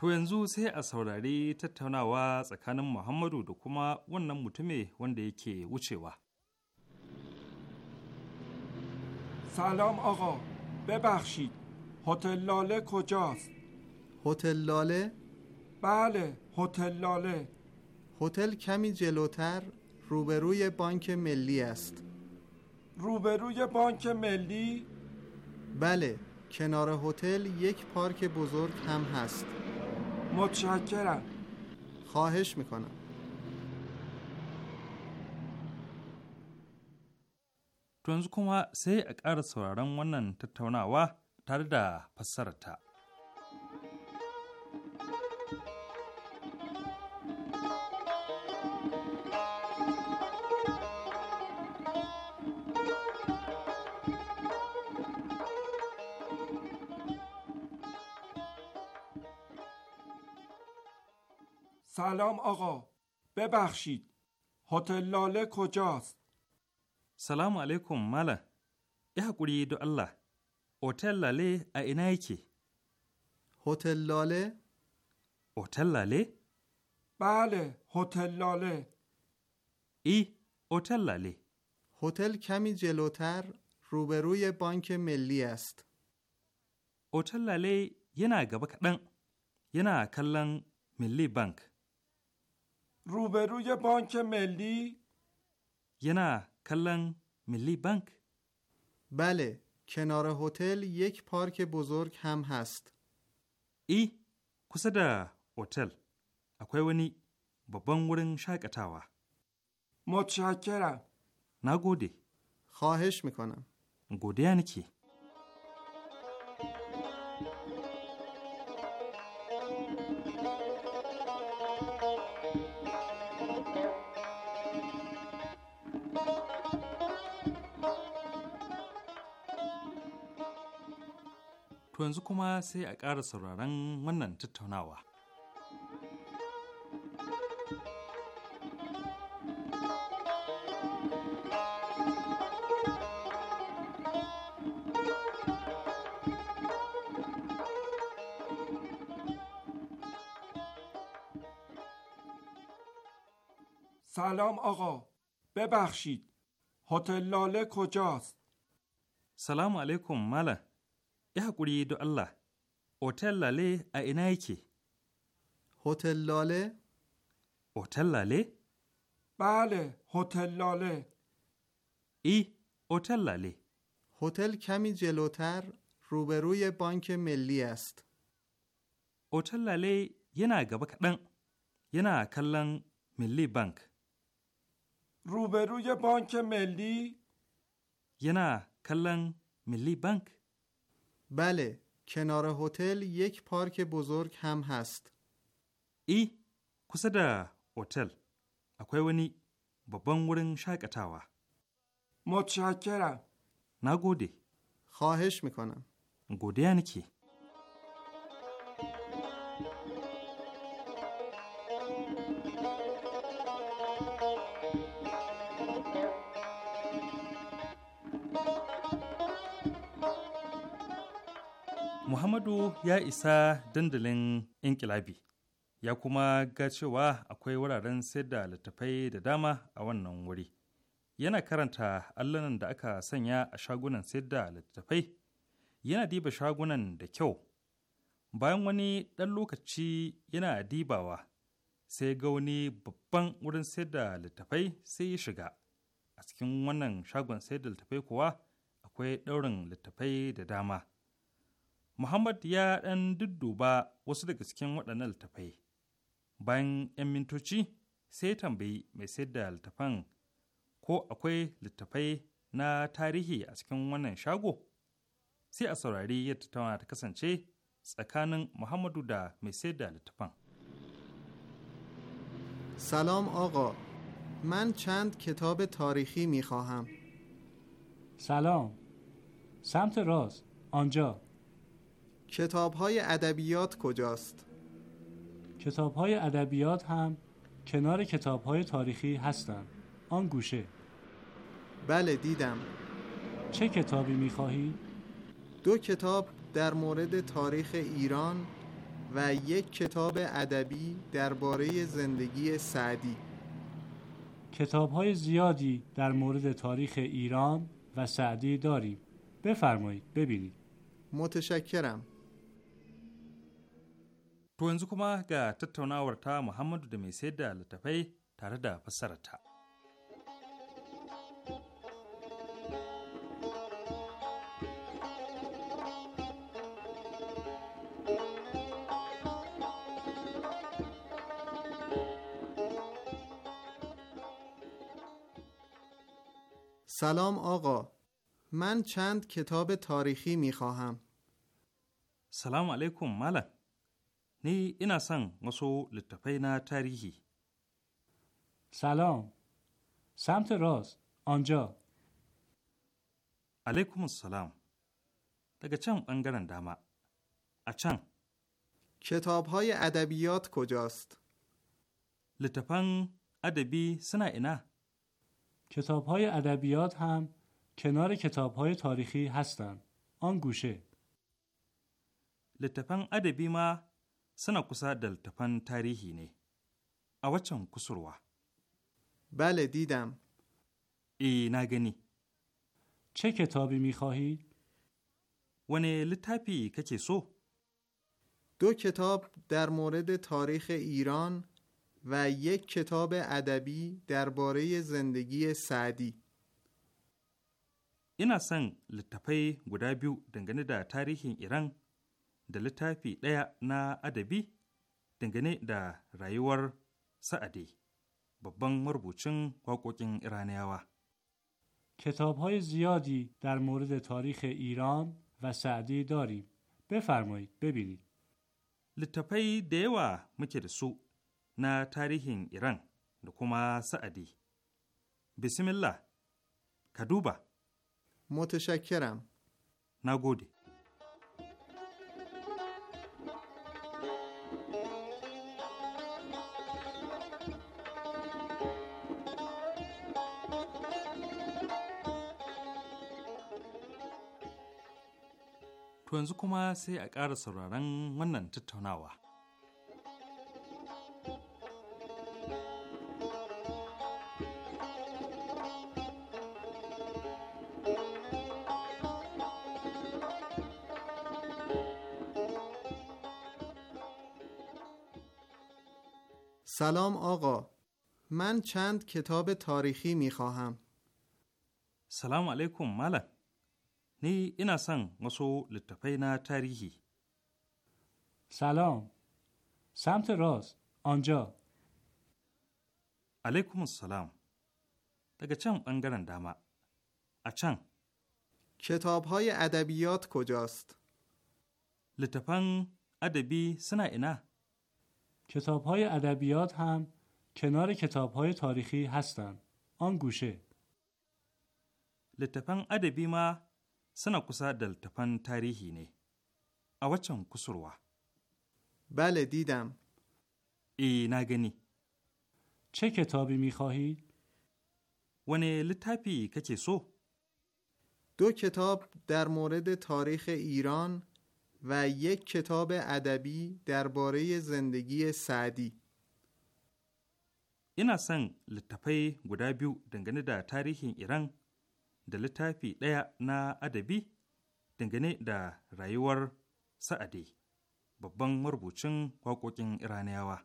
To yanzu sai a saurari tattaunawa tsakanin Muhammadu da kuma wannan mutume wanda yake wucewa. سلام آقا ببخشید هتل لاله کجاست؟ هتل لاله؟ بله هتل لاله هتل کمی جلوتر روبروی بانک ملی است روبروی بانک ملی؟ بله کنار هتل یک پارک بزرگ هم هست متشکرم خواهش میکنم To yanzu kuma sai a ƙara sauraron wannan tattaunawa tare da ta. سلام آقا ببخشید هتل لاله کجاست سلام علیکم مالا یه حقوری دو الله هتل لاله اینا یکی هتل لاله هتل لاله بله هتل لاله ای هتل لاله هتل کمی جلوتر روبروی بانک ملی است هتل لاله یه گبا کدن یه کلن ملی بانک روبروی بانک ملی یه نه کلن ملی بانک بله کنار هتل یک پارک بزرگ هم هست ای کسه هتل اکوی ونی بانگورن شاک اتاوا متشکرم نگودی خواهش میکنم گودی یعنی کی To yanzu kuma sai a ƙara sauraron wannan tattaunawa. سلام آقا ببخشید هتل لاله کجاست سلام علیکم مله yi haƙuri da Allah, Hotel Lale a ina yake? Hotel Lale? Hotel Lale? Bale, Hotel Lale. I, Hotel Lale. Hotel kami jelotar ruberuye banki milli est. Hotel Lale yana gaba kaɗan, yana kallon milli bank. Ruberuye banki milli? Yana kallon milli bank? بله کنار هتل یک پارک بزرگ هم هست ای کسا هتل اکوی ونی بابان ورن شاکتاوا متشکرم نگودی خواهش میکنم گودی یعنی کی muhammadu ya isa dandalin inkilabi ya kuma ga cewa akwai wuraren sayar da littattafai da dama a wannan wuri yana karanta allanan da aka sanya a shagunan sayar da littattafai yana diba shagunan da kyau bayan wani ɗan lokaci yana dibawa sai ga wani babban wurin sayar da littattafai sai ya shiga a cikin wannan shagon sayar da littattafai kuwa akwai ɗaurin littattafai da dama Muhammad ya ɗan dudduba wasu daga cikin waɗannan littafai. Bayan 'yan mintoci sai tambayi mai sayar da littafan ko akwai littafai na tarihi a cikin wannan shago? Sai a saurari yadda tattauna ta kasance tsakanin Muhammadu da mai sayar da littafan. سلام آقا من چند کتاب تاریخی می خواهم سلام سمت راست آنجا کتاب های ادبیات کجاست؟ کتاب های ادبیات هم کنار کتاب های تاریخی هستند. آن گوشه. بله دیدم. چه کتابی میخواهی؟ دو کتاب در مورد تاریخ ایران و یک کتاب ادبی درباره زندگی سعدی. کتاب های زیادی در مورد تاریخ ایران و سعدی داریم. بفرمایید ببینید. متشکرم. To yanzu kuma ga tattaunawar ta Muhammadu da mai sayar da littafai tare da fassararta. سلام آقا من چند کتاب تاریخی می خواهم سلام علیکم ملک نی اینا سن واسو لطفه نه تاریخی سلام سمت راست آنجا علیکم السلام daga can ɓangaren dama a کتاب‌های کتاب های ادبیات کجاست؟ لطفاً ادبی سنا اینا کتاب های ادبیات هم کنار کتاب های تاریخی هستند آن گوشه لطفاً ادبی ما suna kusa da littafan tarihi ne, a waccan kusurwa. Bale didam. E na gani. Ce kitabi mi Wane littafi kake so? دو کتاب در مورد تاریخ ایران و یک کتاب ادبی درباره زندگی سعدی اینا سن لطفه گدابیو دنگنه در تاریخ ایران da littafi ɗaya na adabi dangane da rayuwar sa'adi babban marubucin waƙoƙin iraniyawa کتابهای زیادی در مورد تاریخ ایران و سعدی داریم. بفرمایید ببینید. littafai da yawa muke da su na tarihin Iran da kuma sa'adi. Bismillah, ka duba. Motoshakkiram. Na gode. To yanzu kuma sai a ƙara sauraron wannan سلام آقا من چند کتاب تاریخی می خواهم سلام علیکم ملک نی اینا سن واسو لطفه نه تاریخی سلام سمت راست آنجا علیکم السلام daga can ɓangaren داما. a کتابهای کتاب های ادبیات کجاست؟ لطفاً ادبی سنا اینا کتاب های ادبیات هم کنار کتاب های تاریخی هستند آن گوشه لطفاً ادبی ما suna kusa da littafan tarihi ne, a waccan kusurwa. Bale didam. E na gani. Ce kitabi mi khahi? Wane littafi kake so? Do kitab dar mored tarih Iran و یک کتاب ادبی درباره زندگی سعدی اینا سن لطفه گدابیو دنگنه در تاریخ ایران da littafi ɗaya na adabi dangane da rayuwar sa'adi babban marubucin waƙoƙin iraniyawa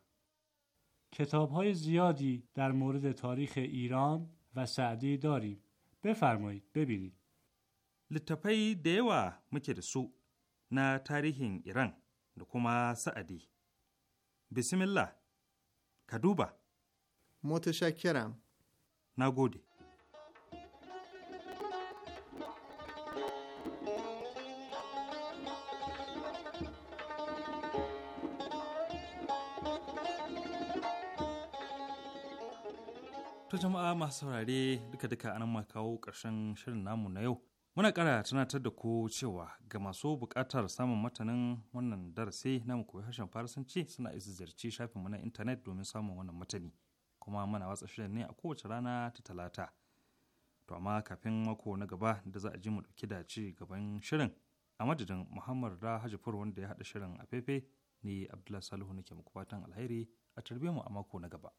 کتابهای زیادی در مورد تاریخ ایران و سعدی داریم. بفرمایید ببینید. littafai da yawa muke da su na tarihin Iran da kuma Sa'adi. Bismillah, ka duba. Motashakiram. Na gode. wato jama'a masu saurare duka-duka anan ma kawo ƙarshen shirin namu na yau. Muna kara tunatar da ku cewa ga masu buƙatar samun matanin wannan darasi namu mu koyi harshen Farisanci suna isa ziyarci shafin mu na intanet domin samun wannan matani. Kuma muna watsa shirin ne a kowace rana ta talata. To amma kafin mako na gaba da za a ji mu ɗauki da ci gaban shirin a madadin Muhammad da Hajifur wanda ya haɗa shirin a fefe ni Abdullahi Salihu nake muku fatan alheri a tarbe mu a mako na gaba.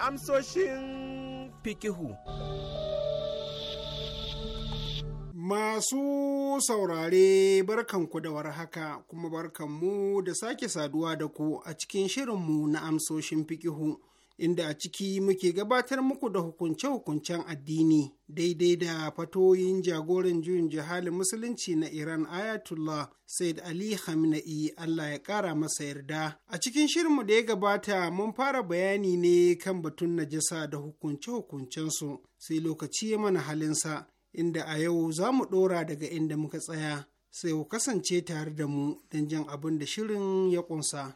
Amsoshin fikihu. Masu saurare ku da warhaka kuma barkanmu da sake saduwa da ku a cikin shirinmu na amsoshin fikihu. inda a ciki muke gabatar muku da hukunce-hukuncen addini daidai da fatoyin jagoran juyin jihalin musulunci na Iran Ayatullah Said Ali Khamenei Allah ya ƙara masa yarda. A cikin shirinmu da ya gabata mun fara bayani ne kan batun najasa da hukunce su, sai lokaci ya mana halinsa inda a yau za mu ɗora daga inda muka tsaya sai ku kasance tare da mu don jan abin da shirin ya ƙunsa.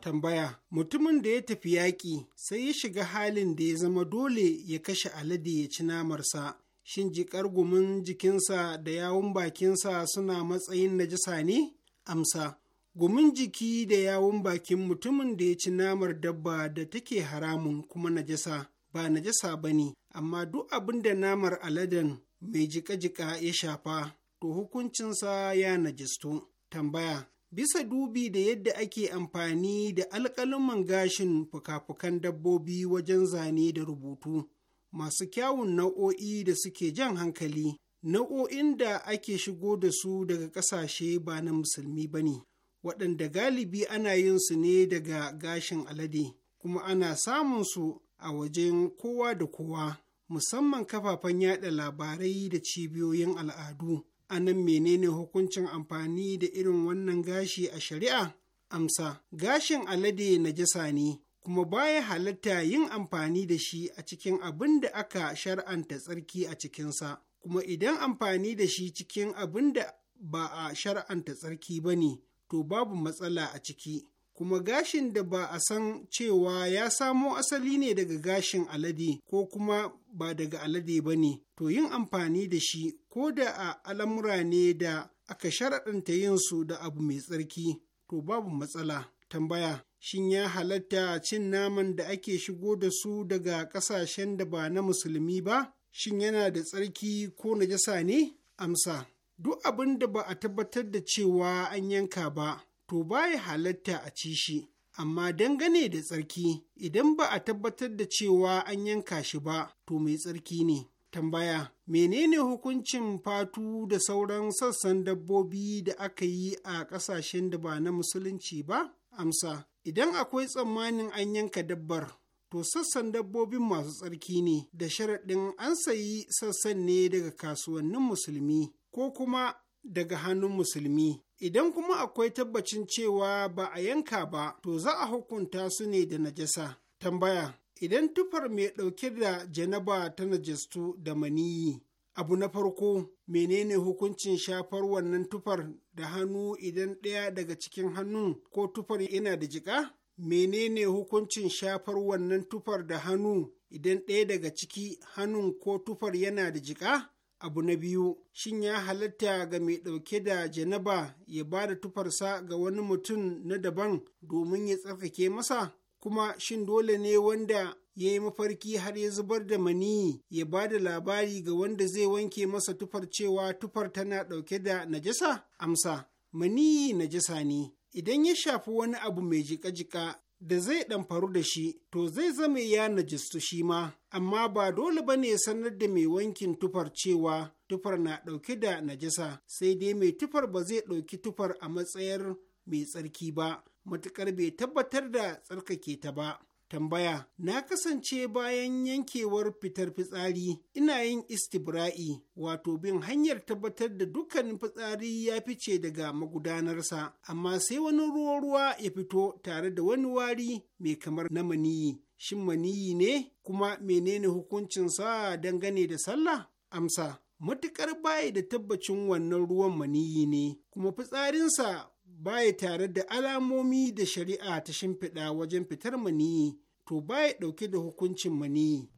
Tambaya Mutumin da ya tafi yaƙi sai ya shiga halin da ya zama dole ya kashe alade ya ci namarsa. Shin jikar gumin jikinsa da yawun bakinsa suna matsayin najisa ne? Amsa Gumin jiki da yawun bakin mutumin da ya ci namar dabba da take haramun kuma najasa ba najasa ba ne, amma duk abin da namar aladen mai jika-jika ya shafa, to hukuncinsa ya najistu. Tambaya bisa dubi da yadda ake amfani da alƙaluman gashin fuka-fukan dabbobi wajen zane da rubutu masu kyawun nau'o'i da suke jan hankali nau'o'in da ake shigo da su daga ƙasashe ba na musulmi ba ne waɗanda galibi ana yin su ne daga gashin alade kuma ana samun su a wajen kowa da kowa musamman kafafen yada labarai da cibiyoyin al'adu a nan menene hukuncin amfani da irin wannan gashi a shari'a amsa gashin alade na najasa ne kuma baya halatta yin amfani da shi a cikin abin da aka shar'anta tsarki a cikinsa kuma idan amfani da shi cikin abin da ba a shar'anta tsarki ba ne to babu matsala a ciki kuma gashin da ba a san cewa ya samo asali ne daga gashin alade ko kuma ba daga alade ba ne, to yin amfani da shi ko da a al'amura ne da aka sharaɗanta yin su da abu mai tsarki, to babu matsala. Tambaya, shin ya halatta cin naman da ake shigo da su daga ƙasashen da ba na musulmi ba? Shin yana da tsarki ko najasa ne? Amsa, duk abin da ba a tabbatar da cewa an yanka ba. to baya halatta a ci shi. amma dangane da tsarki idan ba a tabbatar da cewa an yanka shi ba to mai tsarki ne tambaya menene hukuncin fatu da sauran sassan dabbobi da aka yi a ƙasashen da ba na musulunci ba amsa idan akwai tsammanin an yanka dabbar to sassan dabbobin masu tsarki ne da sharaɗin an sayi sassan ne daga kasuwannin musulmi ko kuma daga hannun musulmi idan kuma akwai tabbacin cewa ba a yanka ba to za a hukunta su ne da najasa tambaya idan tufar mai ɗauke da janaba ta najastu da maniyi abu na farko menene hukuncin shafar wannan tufar da hannu idan ɗaya daga cikin hannun ko tufar yana da jiƙa menene hukuncin shafar wannan tufar da hannu idan ɗaya daga ciki hannun ko tufar yana da jiƙa abu na biyu shin ya halatta ga mai ɗauke da janaba ya ba da tufarsa ga wani mutum na daban domin ya tsarkake masa kuma shin dole ne wanda ya yi mafarki har ya zubar da maniyi ya ba da labari ga wanda zai wanke masa tufar cewa tufar tana ɗauke da najasa amsa maniyi najasa ne idan ya shafi wani abu mai jika-jika da zai ɗamfaru da shi, to zai zama ya najistu shi ma, amma ba dole ba ne sanar da mai wankin tufar cewa tufar na ɗauke da najasa, sai dai mai tufar ba zai ɗauki tufar a matsayar mai tsarki ba, matuƙar bai tabbatar da tsarkake ta ba. Tambaya, na kasance bayan yankewar fitar fitsari, ina yin istibra'i, wato bin hanyar tabbatar da dukkanin fitsari ya fice daga magudanarsa, amma sai wani ruwa-ruwa ya fito tare da wani wari mai kamar na maniyi. Shin maniyi ne? Kuma menene hukuncinsa dangane da sallah? Amsa. Matuƙar bayi da tabbacin wannan ruwan maniyi ne, kuma fitsarinsa baya tare da alamomi da shari'a ta shimfiɗa wajen fitar maniyi to baya ɗauke da hukuncin maniyi.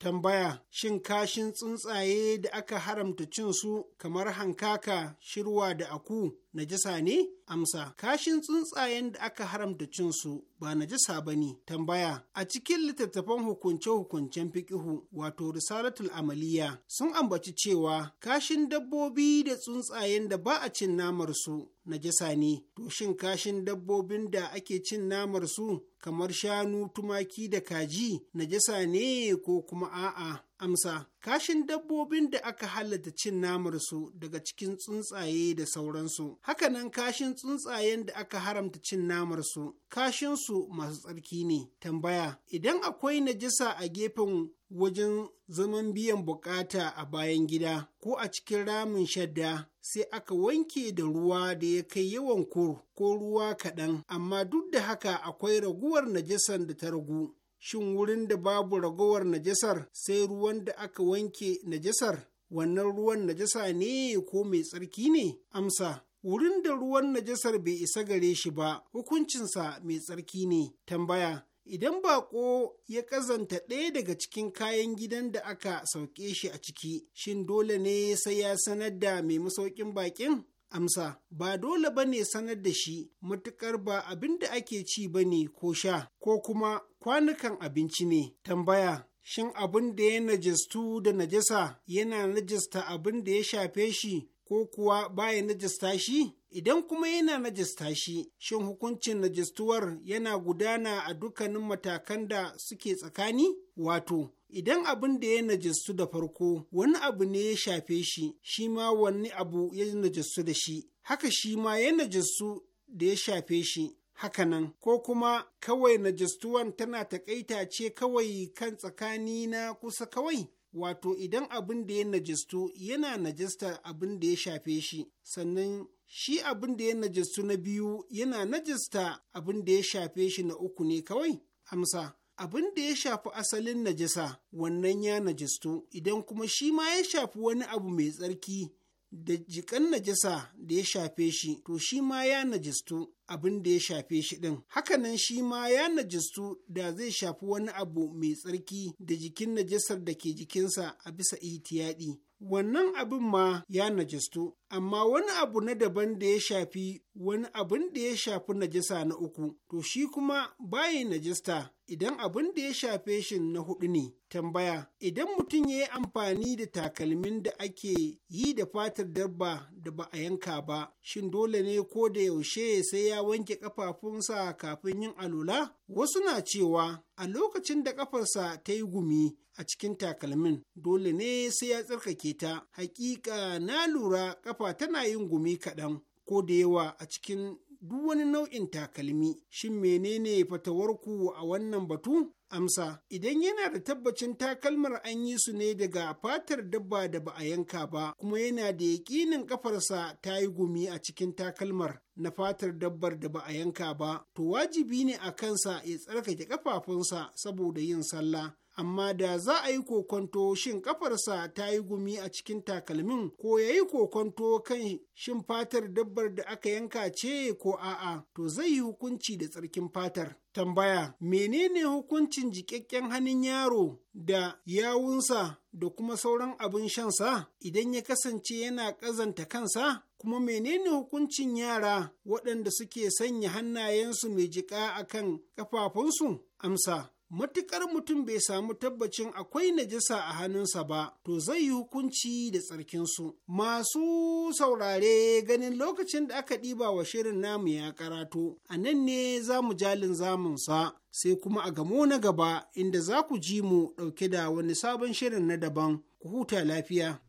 Tambaya, shin kashin tsuntsaye da aka haramta cin su kamar hankaka, shirwa da aku najasa ne? Amsa, kashin tsuntsayen da aka haramta cin su ba najasa ba ne. Tambaya, a cikin littattafan hukunce-hukuncen fikihu, wato risalatul amaliya sun ambaci cewa kashin dabbobi da tsuntsayen da ba a cin namarsu su najasa ne. To shin kashin dabbobin da ake cin namarsu? kamar shanu tumaki da kaji najasa ne ko kuma a'a amsa kashin dabbobin da aka halatta cin namarsu daga cikin tsuntsaye da sauransu hakanan kashin tsuntsayen da aka haramta cin namarsu kashinsu masu tsarki ne tambaya idan akwai najasa a gefen wajen zaman biyan bukata a bayan gida ko a cikin ramin shadda sai aka wanke da ruwa da ya kai yawan kur ko ruwa kaɗan, amma duk da haka akwai raguwar najasan da ta ragu. Shin wurin da babu ragowar najasar sai ruwan da aka wanke najasar, wannan ruwan najasa ne ko mai tsarki ne? Amsa, wurin da ruwan najasar bai isa gare shi ba, hukuncinsa mai tsarki ne. Tambaya, idan baƙo ya ƙazanta ɗaya daga cikin kayan gidan da aka sauke shi a ciki shin dole ne sai ya sanar da mai masaukin baƙin amsa ba dole ba ne sanar da shi matuƙar ba abin da ake ci ba ne ko sha ko kuma kwanukan abinci ne tambaya shin abin da ya najistu da najasa yana najista abin da ya shafe shi ko kuwa baya najista shi? Idan kuma yana najista shi, shin hukuncin najistuwar yana gudana a dukkanin matakan da suke tsakani? Wato, idan abin da ya najistu da farko wani abu ne ya shafe shi, shi ma wani abu ya najistu da shi, haka shi ma ya najistu da ya shafe shi. hakanan ko kuma kawai najistuwan tana taƙaita ce kawai kan tsakani na kusa kawai wato idan abin da ya najistu yana najista abin da ya shafe shi sannan shi abin da ya najistu na biyu yana najista abin da ya shafe shi na uku ne kawai amsa abin da ya shafi asalin najisa wannan ya najistu idan kuma shi ma ya shafi wani abu mai tsarki da jikan najisa da ya shafe shi to shi ma ya najistu abin da ya shafe shi ɗin. Hakanan shi ma ya najistu da zai shafi wani abu mai tsarki da jikin najasar da ke jikinsa a bisa itiyaɗi. Wannan abin ma ya najistu amma wani abu na daban da ya shafi wani abin da ya shafi najisa na uku to shi kuma bayi najista idan abin da ya shafe shi na hudu ne tambaya idan mutum ya yi amfani da takalmin da ake yi da fatar dabba da ba a yanka ba shin dole ne ko da yaushe sai ya wanke kafafunsa kafin yin alula wasu na cewa a lokacin da kafarsa ta yi gumi a cikin takalmin dole ne sai ya tsarkake ta hakika na lura ƙafa tana yin gumi kaɗan ko da yawa a cikin duk wani nau'in takalmi shin menene fatawarku a wannan batu amsa idan yana da tabbacin takalmar an yi su ne daga fatar dabba da ba a yanka ba kuma yana da yaƙinin ƙafarsa ta yi gumi a cikin takalmar na fatar dabbar da ba a yanka ba to wajibi ne a kansa ya tsarkake ƙafafunsa saboda yin sallah amma da za a yi kokonto shin kafarsa ta yi gumi a cikin takalmin ko ya yi kokonto kan shin fatar dabbar da aka yanka ce ko a'a to zai yi hukunci da tsarkin fatar tambaya menene hukuncin jiƙaƙƙen hannun yaro da yawunsa da kuma sauran abin shansa idan ya kasance yana ƙazanta kansa kuma menene hukuncin yara waɗanda suke sanya hannayensu mai jiƙa akan ƙafafunsu amsa Matukar mutum bai samu tabbacin akwai najasa a hannunsa ba, to zai yi hukunci da tsarkinsu. Masu saurare ganin lokacin da aka ɗiba wa shirin namu ya karato, a nan ne za mu jalin zamunsa. Sai kuma a gamo na gaba inda za ku ji mu ɗauke da wani sabon shirin na daban, ku huta lafiya.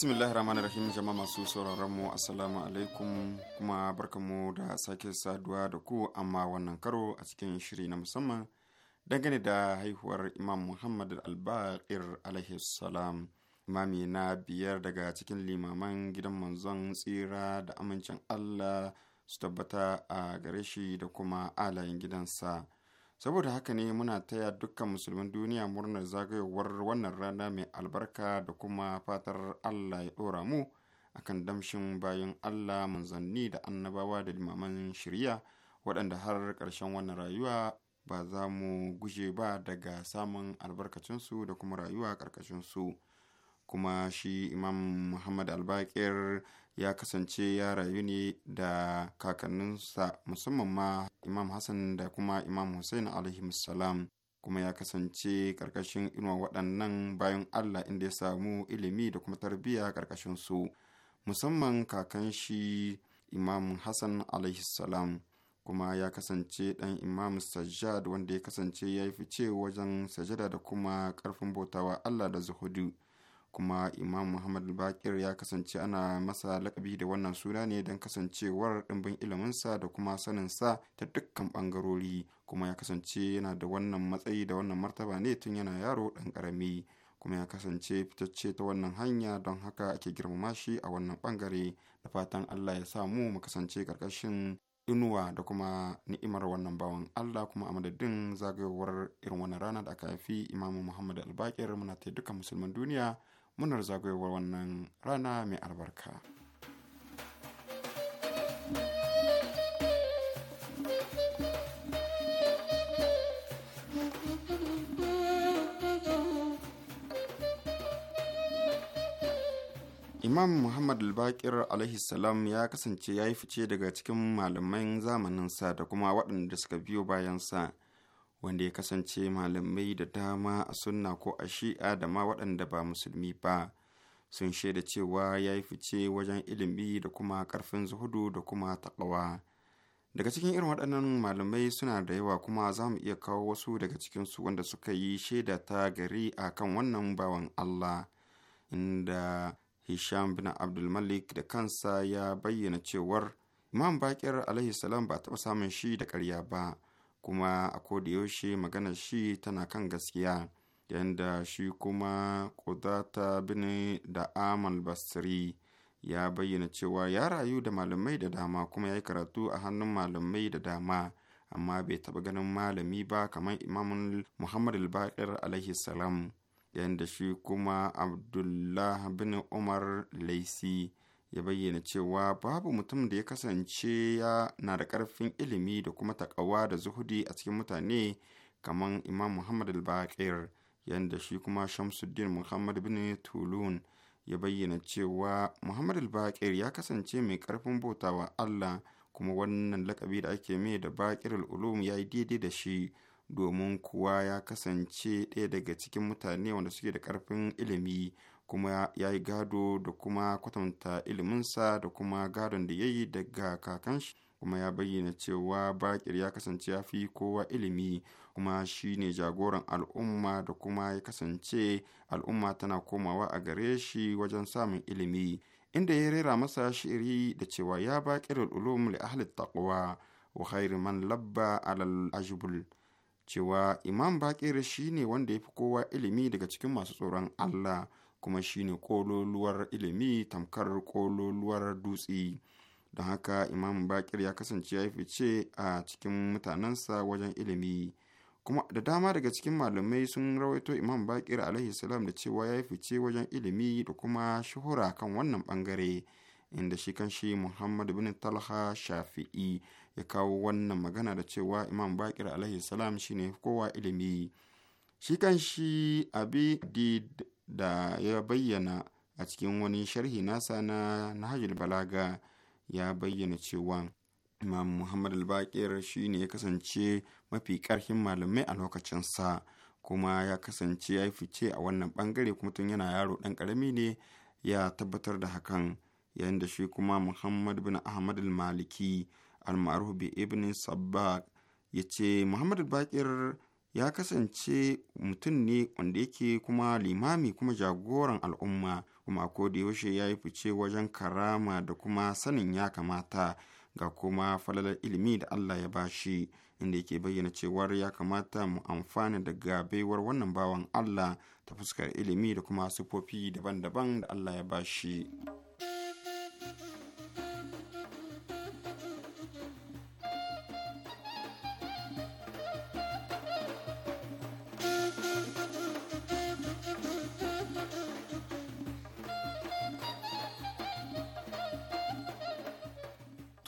bismillahir rahmanir rahim jama'a masu sauraron mu assalamu alaikum kuma barkamu da sake saduwa da ku amma wannan karo a cikin shiri na musamman dangane da haihuwar imam muhammad al-baqir alaihi salam imami na biyar daga cikin limaman gidan manzon tsira da amincin allah su tabbata a gare shi da kuma alayin gidansa saboda haka ne muna taya dukkan musulmin duniya murnar zagayowar wannan rana mai albarka da kuma fatar allah ya ɗora mu akan damshin bayan allah manzanni da annabawa da limaman shirya waɗanda har ƙarshen wannan rayuwa ba za mu guje ba daga samun albarkacinsu da kuma rayuwa ƙarƙashinsu kuma shi imam muhammad albakir ya kasance ya rayu ne da kakanninsa musamman ma imam hassan da kuma imam hussein salam kuma ya kasance karkashin inuwa waɗannan bayan allah inda ya samu ilimi da kuma tarbiyya karkashin su musamman kakan shi imam hassan salam kuma ya kasance ɗan imam sajjad wanda ya kasance ya yi fice wajen sajada da kuma ƙarfin bautawa allah da zuhudu kuma imam muhammad bakir ya kasance ana masa lakabi da wannan suna ne don kasancewar ɗimbin iliminsa da kuma saninsa ta dukkan ɓangarori kuma ya kasance yana da wannan matsayi da wannan martaba ne tun yana yaro ɗan ƙarami kuma ya kasance fitacce ta wannan hanya don haka ake girmama shi a wannan ɓangare da fatan allah ya samu mu kasance karkashin inuwa da kuma ni'imar wannan bawan Allah kuma a madadin zagayowar irin wannan rana da aka haifi Imamu Muhammad Albakir muna ta duka musulman duniya munar zagayowar wannan rana mai albarka. imam muhammad al alaihi salam ya kasance ya yi fice daga cikin malaman zamaninsa da kuma waɗanda suka biyo bayan sa. wanda ya kasance malamai da dama a sunna ko a shi'a da ma waɗanda ba musulmi ba sun shaida cewa ya yi fice wajen ilimi da kuma ƙarfin zuhudu da kuma taɓawa daga cikin irin waɗannan malamai suna da yawa kuma za mu iya kawo wasu daga cikin su wanda suka yi shaida ta gari a kan wannan bawan allah inda hisham bin abdulmalik da kansa ya bayyana cewar imam bakir alaihi salam ba taɓa samun shi da ƙarya ba kuma a yaushe magana shi tana kan gaskiya yadda shi kuma kudata bin da amal basri ya bayyana cewa ya rayu da malamai da dama kuma ya yi karatu a hannun malamai da dama amma bai taɓa ganin malami ba kamar imamun muhammad al-baqir alaihi salam yadda shi kuma abdullah bin umar laisi ya bayyana cewa babu mutum da ya kasance ya na da ƙarfin ilimi da kuma takawa da zuhudi a cikin mutane kamar imam muhammad al-baqir yadda shi kuma shamsuddin muhammad bin tulun ya bayyana cewa muhammad al-baqir ya kasance mai ƙarfin bautawa allah kuma wannan lakabi da ake mai da baƙir al-ulum ya yi daidai da shi domin kuwa ya kasance ɗaya daga cikin mutane wanda suke da ƙarfin ilimi kuma ya yi gado da kuma kwatanta iliminsa da kuma gadon da ya yi daga kakanshi kuma ya bayyana cewa bakir ya kasance ya fi kowa ilimi kuma shi ne jagoran al'umma da kuma ya kasance al'umma tana komawa a gare shi wajen samun ilimi inda ya rera masa shiri da cewa ya bakir ulum li ahli taqwa wa khairu man labba alal ajbul cewa imam bakir ne wanda ya fi kowa ilimi daga cikin masu tsoron allah kuma shi ne kololuwar ilimi tamkar kololuwar dutse don haka imam bakir ya kasance ya fice a cikin mutanensa wajen ilimi kuma da dama daga cikin malamai sun rawaito imam bakir alaihisalam salam da cewa ya fice wajen ilimi da kuma shuhura kan wannan bangare inda shi kan shi muhammad bin talha shafi'i ya kawo wannan magana da cewa imam bakir alaihi salam shine kowa ilimi shi kan shi abi da ya bayyana a cikin wani sharhi nasa na nahajul balaga ya bayyana cewa imam muhammad al shi ne ya kasance mafi karfin malamai a lokacinsa kuma ya kasance ya yi fice a wannan bangare kuma tun yana yaro dan karami ne ya tabbatar da hakan yayin da shi kuma muhammad bin ahmad al-maliki almaruf bi ibn sabbaq ya ce muhammad bakir ya kasance mutum ne wanda yake kuma limami kuma jagoran al'umma kuma ko da yaushe ya yi fice wajen karama da kuma sanin ya kamata ga kuma falalar ilimi da Allah ya bashi inda yake bayyana cewar ya kamata mu amfana daga baiwar wannan bawan Allah ta fuskar ilimi da kuma sufofi daban-daban da Allah ya bashi.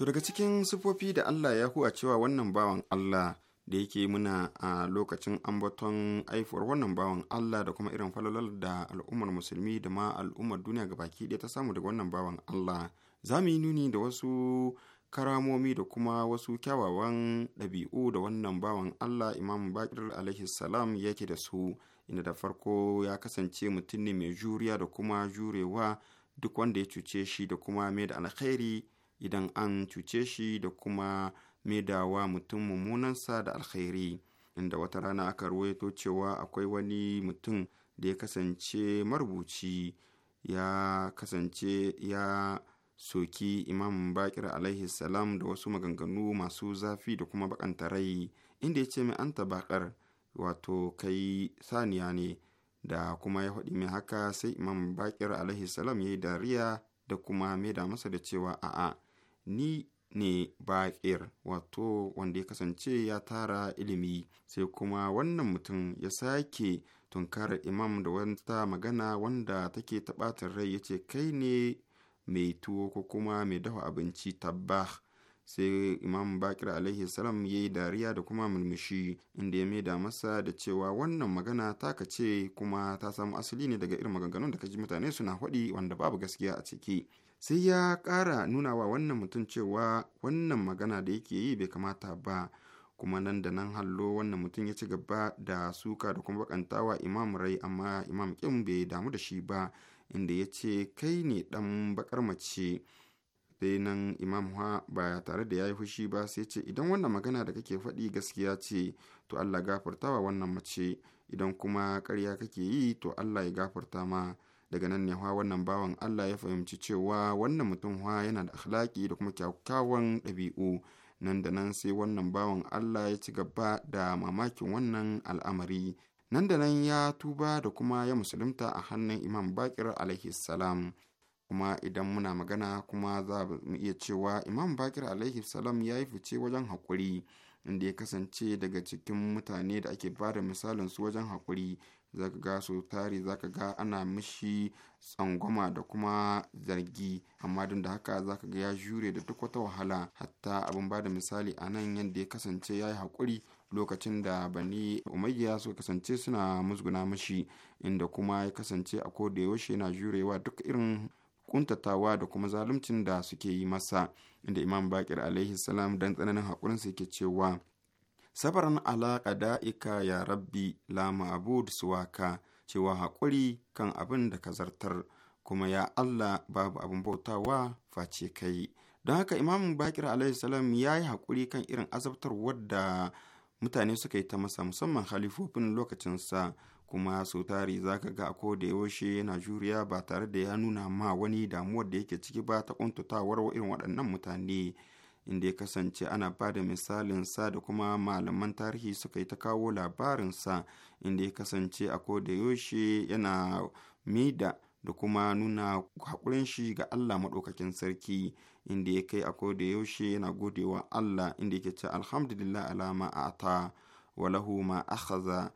To daga cikin sufofi da Allah ya huwa cewa wannan bawan Allah da yake muna a lokacin ambaton aifuwar wannan bawan Allah da kuma irin falalar da al'ummar musulmi da ma al'ummar duniya ga baki ɗaya ta samu daga wannan bawan Allah za mu yi nuni da wasu karamomi da kuma wasu kyawawan ɗabi'u da wannan bawan Allah imamu Bakir alaihi salam yake da su inda da farko ya kasance mutum ne mai juriya da kuma jurewa duk wanda ya cuce shi da kuma mai da alkhairi idan an cuce shi da kuma maidawa mutum mummunansa da alkhairi inda wata rana aka ruwaito cewa akwai wani mutum da ya kasance marubuci ya kasance ya soki imam bakir alaihi salam da wasu maganganu masu zafi da kuma bakanta rai inda ya ce mai an tabakar wato kai saniya ne da kuma ya faɗi mai haka sai imam bakir alaihi salam ya yi dariya da kuma maida masa da cewa a'a ni ne baƙir wato wanda ya kasance ya tara ilimi sai kuma wannan mutum ya sake tunkarar imam da wata magana wanda take taɓatar rai ya ce kai ne mai tuwo ko kuma mai dafa abinci tabba sai imam bakir alaihi salam ya yi dariya da kuma mulmushi inda ya maida masa da cewa wannan magana taka ce kuma ta samu asali ne daga irin maganganun da ka ji mutane suna hudi wanda babu gaskiya a ciki sai ya ƙara nuna wa wannan mutum cewa wannan magana da yake yi bai kamata ba kuma nan da nan hallo wannan mutum ya ci gaba da suka da kuma bakantawa imam rai amma imam kim bai damu da shi ba inda ya ce kai ne dan bakar mace sai nan imam ha ba tare da ya yi fushi ba sai ce idan wannan magana da kake faɗi gaskiya ce to allah wa wannan mace idan kuma karya kake yi to allah ya gafarta ma daga nan ne wannan bawan Allah ya fahimci cewa wannan mutum wa yana da akhlaki da kuma kyakkyawan ɗabi'u nan da nan sai wannan bawan Allah ya ci gaba da mamakin wannan al'amari nan da nan ya tuba da kuma ya musulunta a hannun imam bakir alaihi salam kuma idan muna magana kuma za mu iya cewa imam bakir alaihi salam ya yi fice wajen haƙuri inda ya kasance daga cikin mutane da ake ba da misalin su wajen haƙuri zaka ga su tari zaka ga ana mishi tsangwama da kuma zargi amma don da haka zaka ga ya jure da duk wata wahala hatta abin ba da misali a nan yadda ya kasance ya yi haƙuri lokacin da bani umayya suka kasance suna musguna mashi inda kuma ya kasance a ko da yaushe yana jurewa duk irin kuntatawa da kuma zaluncin da suke yi masa inda imam bakir alaihi salam dan tsananin haƙurinsa yake cewa sabaran alaƙa da'ika ya rabbi la ma'abud suwaka cewa haƙuri kan abin da ka zartar kuma ya Allah babu abin bautawa face kai don haka imamu bakir alaihi salam ya yi haƙuri kan irin azabtar wadda mutane suka yi ta masa musamman halifofin lokacinsa kuma sutari tari za ka ga ko da yaushe yana juriya ba tare da ya nuna ma wani damuwar da yake ciki ba ta kuntutawar irin waɗannan mutane inda ya kasance ana ba da misalin sa da kuma malaman tarihi suka yi ta kawo labarin sa inda ya kasance a da yaushe yana mida da kuma nuna haƙurin shi ga Allah maɗaukakin sarki inda ya kai a da yaushe yana godewa Allah inda yake ce alhamdulillah alama ata walahu ma akhaza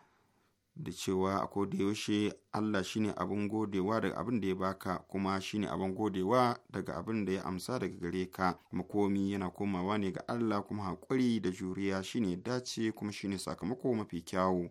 da cewa a yaushe Allah shine abin godewa daga abin da ya baka kuma shine abin godewa daga abin da ya amsa daga gare ka Makomi yana komawa ne ga Allah kuma haƙuri da juriya shine dace kuma shine sakamako mafi kyawu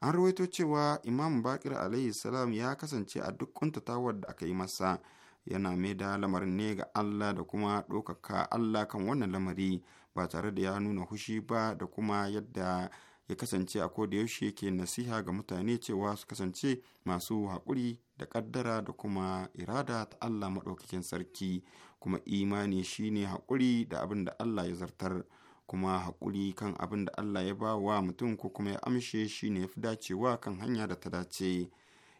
an rawaito cewa imam bakir alaihi salam ya kasance a duk kuntatawar da aka yi masa yana mai da lamarin ne ga Allah da kuma ɗaukaka Allah kan wannan lamari ba tare da ya nuna hushi ba da kuma yadda ya kasance a ko da yaushe yake nasiha ga mutane cewa su kasance masu haƙuri da ƙaddara da kuma irada ta Allah maɗaukakin sarki kuma imani shine haƙuri da abin da Allah ya zartar kuma haƙuri kan abin da Allah ya ba wa mutum ko kuma ya amshe shine ya fi dacewa kan hanya da ta dace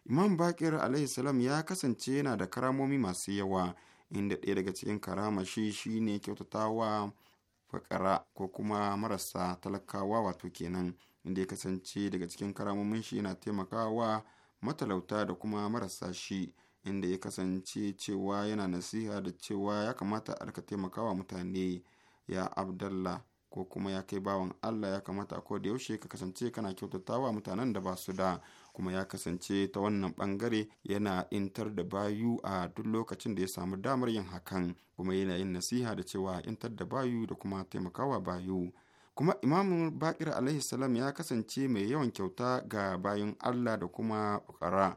imam bakir alaihi ya kasance yana da karamomi masu yawa inda ɗaya daga cikin shi shine kyautatawa fakara ko kuma marasa talakawa wato kenan inda ya kasance daga cikin karamomin shi yana taimakawa matalauta da kuma marasa shi inda ya kasance cewa yana nasiha da cewa ya kamata a rika taimakawa mutane ya abdallah ko kuma ya kai bawan allah ya kamata ko da yaushe ka kasance kana kyautatawa mutanen da ba su da kuma ya kasance ta wannan bangare yana intar da bayu a duk lokacin da ya samu damar yin hakan kuma yana yin nasiha da cewa intar da bayu da kuma taimakawa bayu kuma imamu bakir alaihi ya kasance mai yawan kyauta ga bayan allah da kuma bukara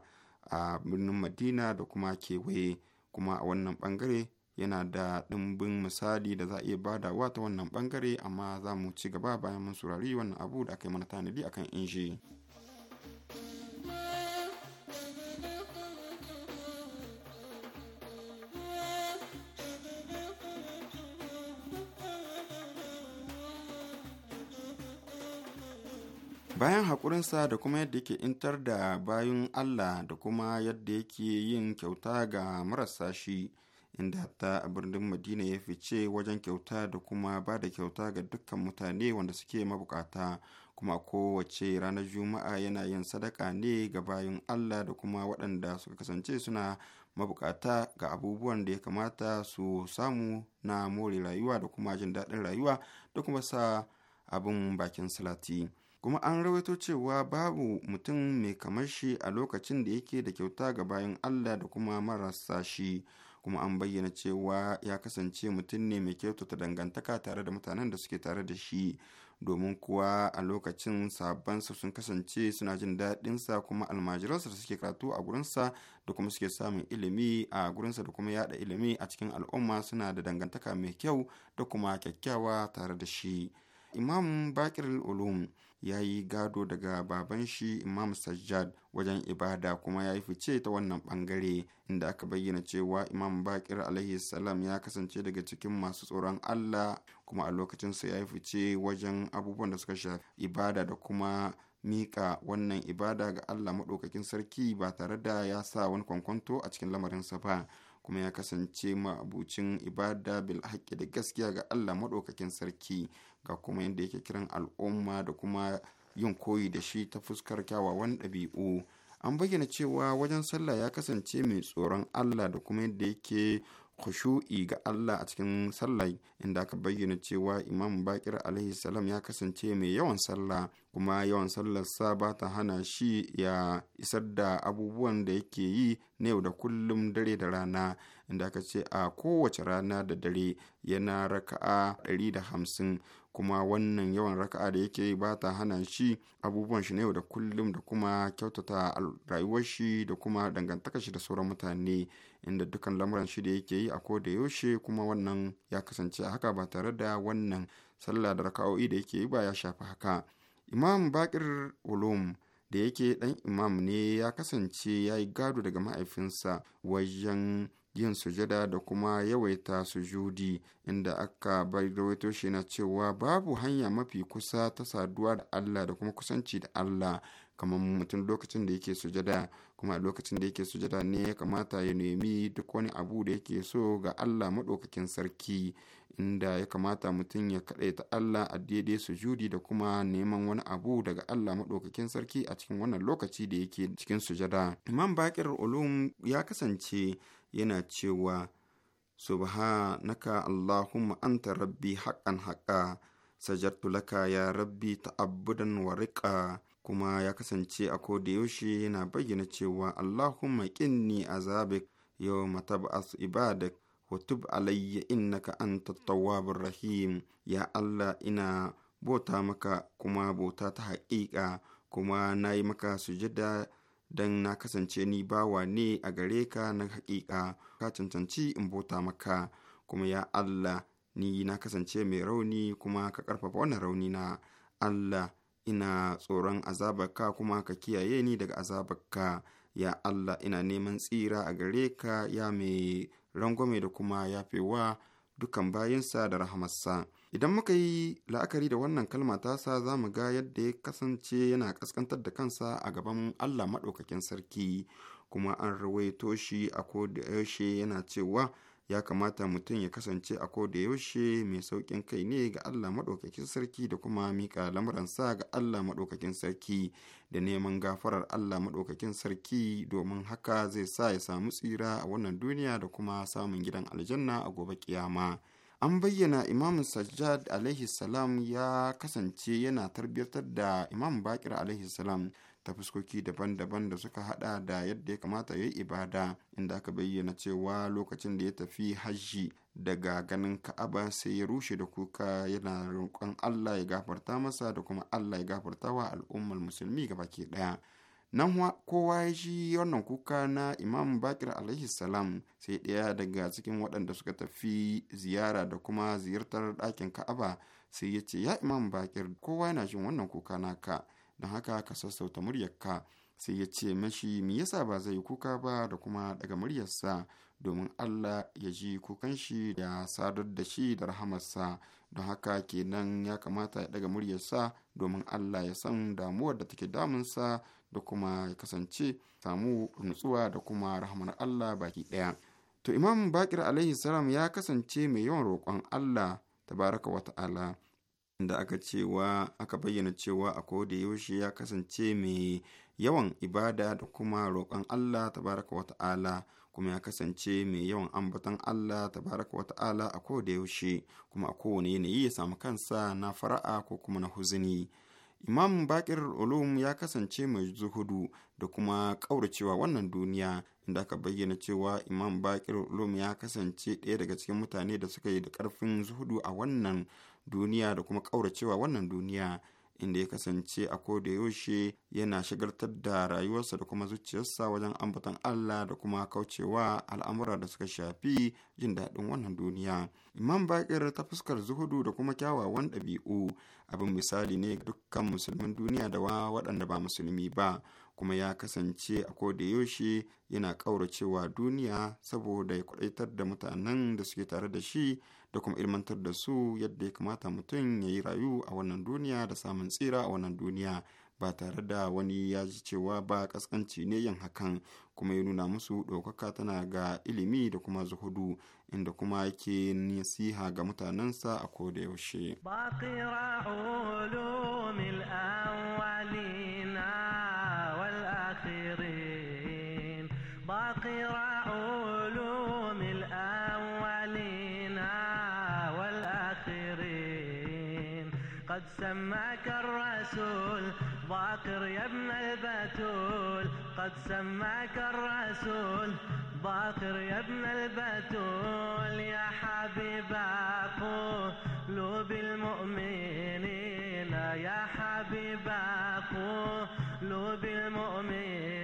a birnin madina da kuma kewaye kuma a wannan bangare yana da ɗimbin misali da za a iya badawa ta wannan bangare amma za mu ci gaba bayan mun saurari wannan abu da aka yi mana tanadi akan inji. bayan haƙurinsa da kuma yadda yake intar da bayan Allah da kuma yadda yake yin kyauta ga marasa shi inda ta a birnin madina ya fice wajen kyauta da kuma ba da kyauta ga dukkan mutane wanda suke mabukata kuma kowace ranar juma'a yana yin sadaka ne ga bayan Allah da kuma waɗanda suka kasance suna mabukata ga abubuwan da ya kamata su samu na more rayuwa da kuma jin daɗin rayuwa da kuma sa abin bakin salati. kuma an rawaito cewa babu mutum mai kamar shi a lokacin da yake da kyauta ga bayan Allah da kuma marasa shi kuma an bayyana cewa ya kasance mutum ne mai kyautata dangantaka tare da mutanen da suke tare da shi domin kuwa a lokacin sabansa sun kasance suna jin daɗinsa kuma almajiransa da suke karatu a gurinsa da kuma suke samun ilimi a gurinsa da kuma yada ilimi a cikin al'umma suna da dangantaka mai kyau da kuma kyakkyawa tare da shi imam bakir ulum ya yi gado daga baban shi imam sajjad wajen ibada kuma ya yi fice ta wannan bangare inda aka bayyana cewa imam bakir alaihi salam ya kasance daga cikin masu tsoron allah kuma a lokacinsa ya yi fice wajen abubuwan da suka shafi ibada da kuma miƙa wannan ibada ga allah maɗaukakin sarki ba tare da ya sa wani kwankwanto a cikin lamarinsa ba kuma ya kasance ma'abucin ibada bil da gaskiya ga Allah maɗaukakin sarki ga kuma yadda yake kiran al'umma da kuma yin koyi da shi ta fuskar kyawawan ɗabi'u an bayyana cewa wajen sallah ya kasance mai tsoron allah da kuma yadda yake khushu'i ga allah a cikin sallah inda aka bayyana cewa imam bakir alaihi salam ya kasance mai yawan sallah kuma yawan sallar sa ba ta hana shi ya isar da abubuwan da yake yi na yau da kullum dare da rana inda aka ce a kowace rana da dare yana raka'a 150 kuma wannan yawan raka'a da yake bata ba ta hana shi abubuwan shi na yau da kullum da kuma kyautata rayuwar shi da kuma dangantaka shi da sauran mutane inda dukkan lamuran shi da yake yi a ko da yaushe kuma wannan ya kasance a haka ba tare da wannan sallah da raka'o'i da yake yi ba ya shafi haka imam bakir ulum da yake dan imam ne ya kasance ya yi gado daga mahaifinsa wajen yin sujada da kuma yawaita sujudi inda aka bai rawaito shi na cewa babu hanya mafi kusa ta saduwa da Allah da kuma kusanci da Allah kamar mutum lokacin da yake sujada kuma a lokacin da yake sujada ne ya kamata ya nemi duk wani abu da yake so ga Allah maɗaukakin sarki inda ya kamata mutum ya ta Allah a daidai sujudi da kuma neman wani abu daga Allah maɗaukakin sarki a cikin wannan lokaci da yake cikin sujada. Imam Bakir Ulum ya kasance yana cewa subhanaka allahumma anta rabbi haƙan haƙa sajartu laka ya rabbi ta wa riƙa kuma ya kasance a kodayaushe yaushe yana bayyana cewa allahumma qinni azabik Yau mataba'a ibadak wa tub alayya innaka anta tawwabur rahim ya allah ina bota maka kuma bota ta haƙiƙa kuma na yi maka sujada don na kasance ni bawa ne a gare ka na haƙiƙa ka cancanci in bota maka kuma ya Allah ni na kasance mai rauni kuma ka ƙarfafa wannan rauni na Allah ina tsoron azabarka kuma ka kiyaye ni daga azabarka ya Allah ina neman tsira a gare ka ya mai rangwame da kuma yafewa dukan bayansa da rahamarsa Idan muka yi la'akari da wannan kalma tasa za mu ga yadda ya kasance yana kaskantar da kansa a gaban Allah maɗaukakin sarki kuma an rawaito shi a da yaushe yana cewa ya kamata mutum ya kasance a da yaushe mai sauƙin kai ne ga Allah maɗaukakin sarki da kuma miƙa lamuransa ga Allah maɗaukakin sarki da neman gafarar Allah maɗaukakin sarki domin haka zai sa ya samu tsira a wannan duniya da kuma samun gidan aljanna a gobe kiyama. an bayyana imam sajjad alaihi salam ya kasance yana tarbiyyatar da imam bakir alaihi salam ta fuskoki daban-daban da suka hada da yadda ya kamata ya yi ibada inda aka bayyana cewa lokacin da ya tafi hajji daga ganin ka'aba sai ya rushe da kuka yana roƙon allah ya gafarta masa da kuma allah ya gafarta wa al'ummar musulmi gabaki ɗaya Nan kowa ya ji wannan kuka na Imam Bakir alaihi salam sai ɗaya daga cikin waɗanda suka tafi ziyara da kuma ziyartar ɗakin Ka'aba sai ya ce ya Imam Bakir kowa yana jin wannan kuka naka don haka ka sassauta muryarka sai ya ce mashi me yasa ba zai kuka ba da kuma daga muryarsa domin Allah ya ji kukan shi ya sadar da shi da rahamarsa don haka kenan ya kamata ya daga muryarsa domin Allah ya san damuwar da take damunsa da kuma ya kasance samu nutsuwa da kuma rahmar Allah baki ɗaya. To Imam Bakir alaihi salam ya kasance mai yawan roƙon Allah tabaraka wa ta'ala da aka cewa aka bayyana cewa a da yaushe ya kasance mai yawan ibada da kuma roƙon Allah tabaraka wa ta'ala kuma ya kasance mai yawan ambaton Allah tabaraka wa ta'ala a da yaushe kuma a kowane yanayi ya samu kansa na fara'a ko kuma na huzuni. Imam Bakir Ulum ya kasance mai zuhudu da kuma ƙauracewa wannan duniya inda aka bayyana cewa Imam Bakir Ulum ya kasance ɗaya daga cikin mutane da suka yi da ƙarfin zuhudu a wannan duniya da kuma ƙauracewa wannan duniya inda ya kasance a da yaushe yana shagartar da rayuwarsa da kuma zuciyarsa wajen ambaton Allah da kuma kaucewa al'amura da suka shafi jin daɗin wannan duniya. Imam Bakir ta fuskar zuhudu da kuma kyawawan ɗabi'u abin misali ne dukkan musulmin duniya da wa waɗanda ba musulmi ba kuma ya kasance a yaushe yana ƙauracewa duniya saboda ya kwaɗaitar da mutanen da suke tare da shi da kuma ilmantar da su yadda ya kamata mutum ya yi rayu a wannan duniya da samun tsira a wannan duniya ba tare da wani ya ji cewa ba ƙasƙanci ne yin hakan kuma ya nuna musu ɗaukaka tana ga ilimi da kuma zuhudu inda kuma yake nasiha ga mutanensa a koda yaushe. سماك الرسول باقر يا ابن البتول قد سماك الرسول باقر يا ابن البتول يا حبيب لوب المؤمنين يا حبيب لوب المؤمنين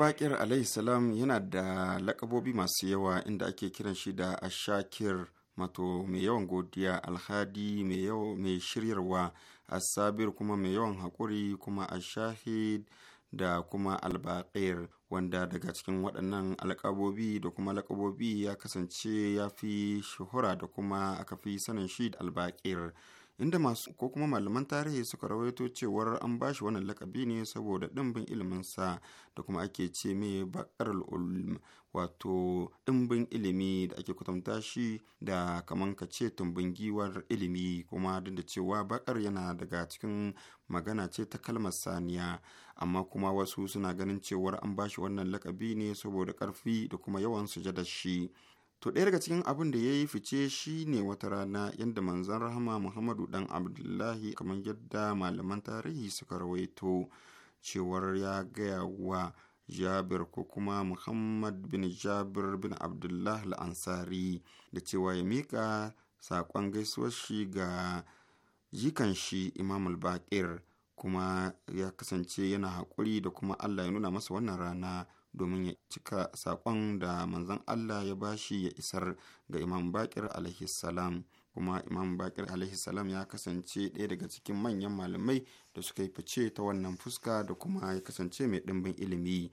bakir alayhi salam yana da lakabobi masu yawa inda ake kiran shi da ashakir mato mai yawan godiya alhadi mai shiryarwa asabir kuma mai yawan haƙuri kuma ashahid da kuma albaqir wanda daga cikin waɗannan alƙabobi da kuma lakabobi ya kasance ya fi shuhura da kuma aka fi sanin shi da albaqir inda masu ko kuma malaman tarihi suka rawaito cewar an ba shi wannan lakabi ne saboda ɗimbin iliminsa da kuma ake ce mai bakar ulm wato ɗimbin ilimi da ake kwatanta shi da kaman ka ce tumbin giwar ilimi kuma duk da cewa bakar yana daga cikin magana ce ta kalmar saniya amma kuma wasu suna ganin cewar an ba shi wannan lakabi ne saboda ƙarfi da kuma yawan sujadar shi. To ɗaya daga cikin abin da ya yi fice shi ne wata rana yadda manzan rahama Muhammadu ɗan Abdullahi kamar yadda malaman tarihi suka rawaito cewar ya gaya wa Jabir ko kuma Muhammad bin Jabir bin Abdullah al’ansari da cewa ya miƙa saƙon gaisuwar shi ga jikan shi Imam al-Baƙir kuma ya kasance yana haƙuri da kuma Allah ya nuna masa wannan rana domin ya cika saƙon da manzon Allah ya bashi ya isar ga Imam Bakir alaihi salam kuma Imam Bakir alaihi salam ya kasance ɗaya daga cikin manyan malamai da suka yi fice ta wannan fuska da kuma ya kasance mai ɗimbin ilimi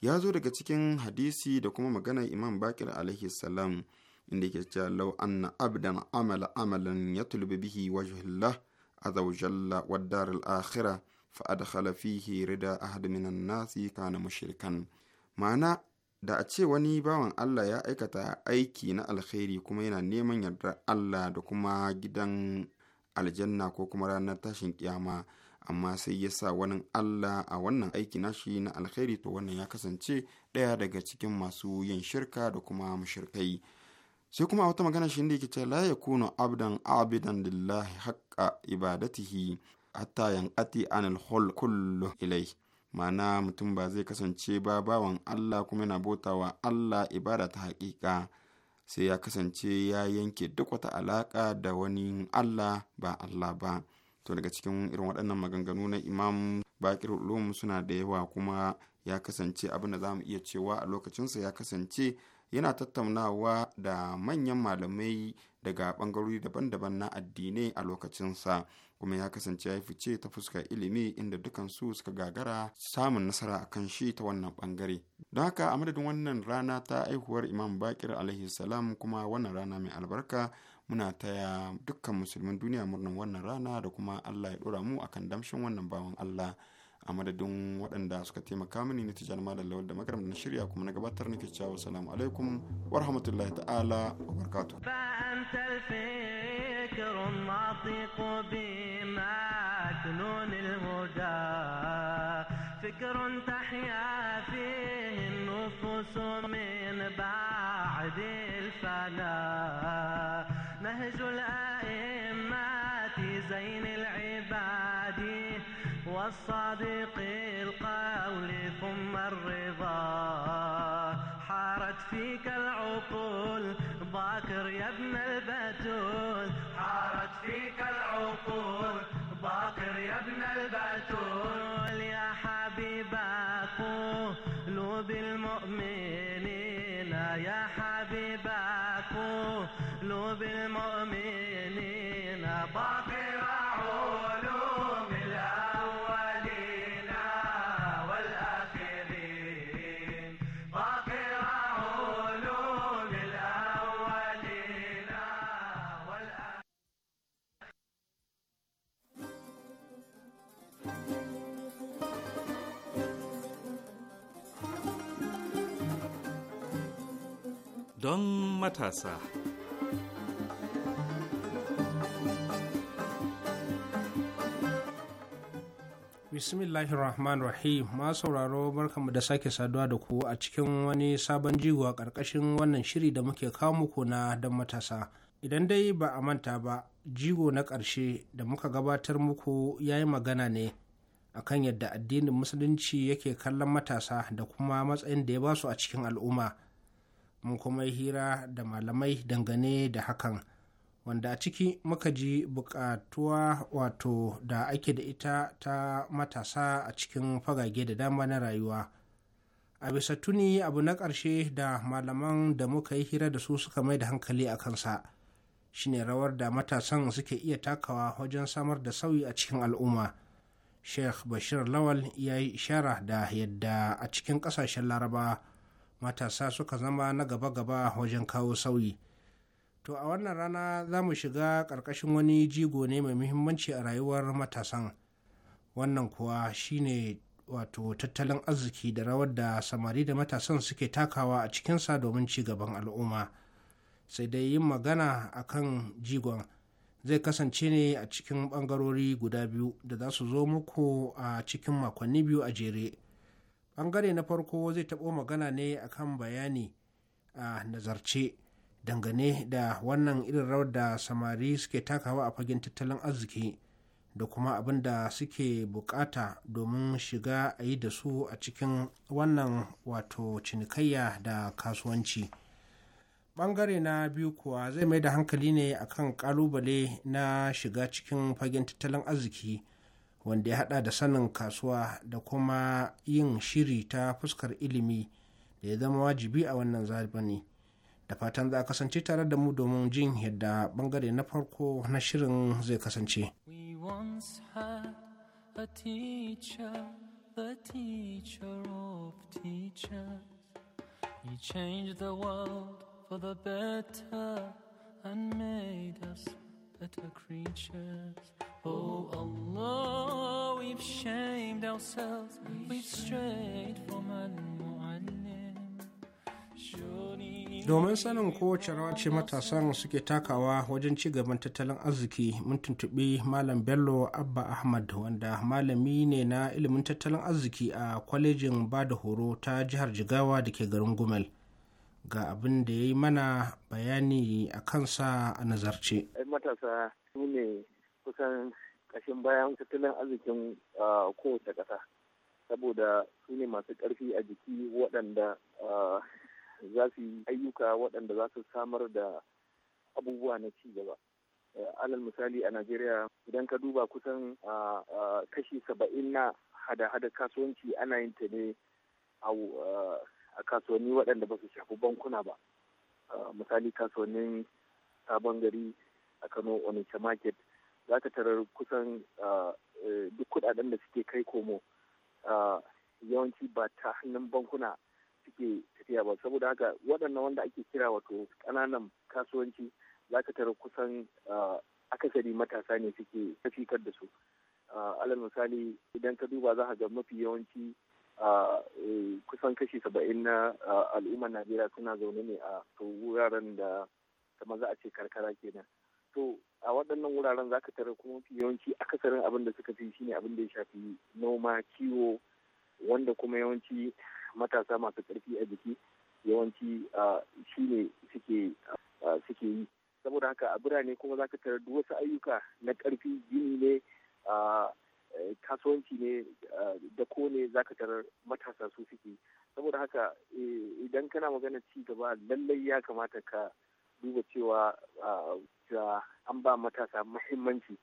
ya zo daga cikin hadisi da kuma maganar Imam Bakir alaihi salam inda yake cewa law anna abdan amala amalan ya yatlubu bihi wajhullah azza wa jalla wad dar al akhirah fa adkhala fihi rida ahad min kana mushrikan ma'ana da a ce wani bawan Allah ya aikata aiki na alkhairi kuma yana neman yardar Allah da kuma gidan aljanna ko kuma ranar tashin kiyama amma sai ya sa wani Allah a wannan aiki na shi na alkhairi to wannan ya kasance ɗaya daga cikin masu yin shirka da kuma mushirkai sai kuma a wata magana shi da yake ce la yakunu abdan abidan lillahi haqqa ibadatihi hatta yanqati anil khul kullu ilai. ma'ana mutum ba zai kasance ba bawan Allah kuma yana bauta wa Allah ibada ta haƙiƙa sai ya kasance ya yanke duk wata alaƙa da wani Allah ba Allah ba to daga cikin irin waɗannan maganganu na imam bakir ulum suna da yawa kuma ya kasance abin da za mu iya cewa a lokacinsa ya kasance yana tattaunawa da manyan malamai daga ɓangarori daban-daban na addinai a lokacinsa kuma ya kasance ya fice ta fuskar ilimi inda dukansu suka gagara samun nasara a kan shi ta wannan bangare don haka a madadin wannan rana ta aihuwar imam bakir alaihi salam kuma wannan rana mai albarka muna taya dukkan musulmin duniya murnan wannan rana da kuma allah ya dora mu akan damshin wannan bawan allah a madadin waɗanda suka taimaka mini na ma malam lawal da makaram na shirya kuma na gabatar nake cewa salamu alaikum wa rahmatullahi ta'ala wa barakatuh جنون الهدى فكر تحيا فيه النفوس من بعد الفنا نهج الأئمة زين العباد والصادق القول ثم الرضا حارت فيك العقول باكر يا ابن البتول حارت فيك العقول باكر يا ابن البتول يا حبيب قلوب المؤمنين يا حبيب قلوب المؤمنين باكر don matasa. Bismillahirrahmanirrahim ma sauraro barkamu da sake saduwa da ku a cikin wani sabon jigo a ƙarƙashin wannan shiri da muke kawo muku na don matasa. Idan dai ba a manta ba, jigo na ƙarshe da muka gabatar muku ya yi magana ne a kan yadda addinin musulunci yake kallon matasa da kuma matsayin da ya basu a cikin al'umma. mun kuma yi hira da malamai dangane da hakan wanda a ciki muka ji bukatuwa wato da ake da ita ta matasa a cikin fagage da dama na rayuwa a bisa tuni abu na ƙarshe da malaman da muka yi hira da su suka mai da hankali a kansa shine rawar da matasan suke iya takawa wajen samar da sauyi a cikin al'umma sheikh bashir lawal ya yi ishara da yadda a cikin ƙasashen laraba matasa suka zama na gaba-gaba wajen kawo sauyi to a wannan rana za mu shiga ƙarƙashin wani jigo ne mai muhimmanci a rayuwar matasan wannan kuwa shine wato tattalin arziki da rawar da samari da matasan suke takawa a cikinsa domin ci gaban al'umma sai dai yin magana a kan jigon zai kasance ne a cikin ɓangarori guda biyu da za su zo muku a cikin makonni biyu a jere ɓangare na farko zai taɓo magana ne akan bayani a nazarce dangane da wannan irin rawar da samari suke takawa a fagen tattalin arziki da kuma abin da suke bukata domin shiga a yi da su a cikin wannan wato cinikayya da kasuwanci ɓangare na biyu kuwa zai mai da hankali ne akan kalubale na shiga cikin fagen tattalin arziki wanda ya hada da sanin kasuwa da kuma yin shiri ta fuskar ilimi da ya zama wajibi a wannan ne da fatan za a kasance tare da mu domin jin yadda bangare na farko na shirin zai kasance He changed the world for the better and Oh Allah, we've shamed ourselves, we've strayed from Domin sanin kowace rawa ce matasan suke takawa wajen ci gaban tattalin arziki mun tuntuɓi Malam Bello Abba Ahmad wanda malami ne na ilimin tattalin arziki a kwalejin bada horo ta jihar Jigawa da ke garin Gumel. ga abin da ya yi mana bayani a kansa a nazarce. matasa ne kusan kashin bayan tattalin arzikin kowace ƙasa saboda su ne masu ƙarfi a jiki waɗanda za su yi ayyuka waɗanda za su samar da abubuwa na ci gaba alal misali a najeriya idan ka duba kusan kashi saba'in na hada-hada kasuwanci ana yin ta ne a kasuwanni waɗanda ba su shafi bankuna ba misali kasuwannin sabon gari a kano onitsha market za ka tarar kusan ah, eh, duk kudaden da suke kai komo ah, yawanci ba ta hannun bankuna suke tafiya ba saboda haka waɗannan wanda ake kira wato ƙananan kasuwanci za ka tarar kusan ah, akasari matasa ne suke tafikar da su alal misali idan ka duba za ka ga mafi yawanci eh, kusan kashi saba'in na al'ummar najeriya suna zaune ne a wuraren da kamar za a ce karkara kenan so a waɗannan wuraren za ka tare kuma fi yawanci akasarin abin da suka fi shi ne abin da ya shafi noma kiwo wanda kuma yawanci matasa masu ƙarfi a jiki yawanci shi ne suke yi saboda haka a birane kuma za ka tare duk wasu ayyuka na ƙarfi gini ne e, kasuwanci ne da ko ne za ka tarar matasa su suke saboda haka e, idan kana magana ci gaba lallai ya kamata ka duba cewa ga an ba matasa muhimmanci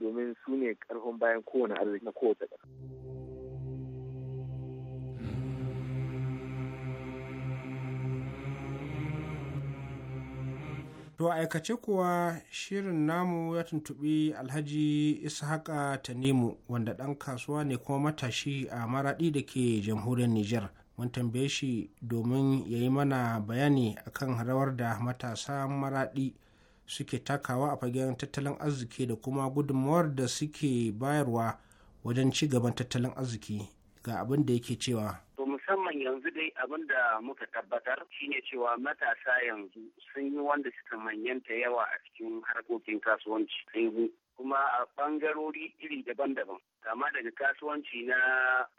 domin su ne karfin bayan kowane arziki na kowace ƙasa. To aikace kuwa shirin namu ya tuntuɓi Alhaji Ishaqa Tanimu wanda ɗan kasuwa ne kuma matashi a maraɗi da ke jamhuriyar Nijar. mun tambaye shi domin ya yi mana bayani akan rawar da matasa maraɗi suke takawa a fagen tattalin arziki da kuma gudunmawar da suke bayarwa wajen ci gaban tattalin arziki ga abin da yake cewa To musamman yanzu dai abin da muka tabbatar shine cewa matasa yanzu sun yi wanda suka manyanta yawa a cikin harkokin kasuwanci kuma a bangarori iri daban-daban kama daga kasuwanci na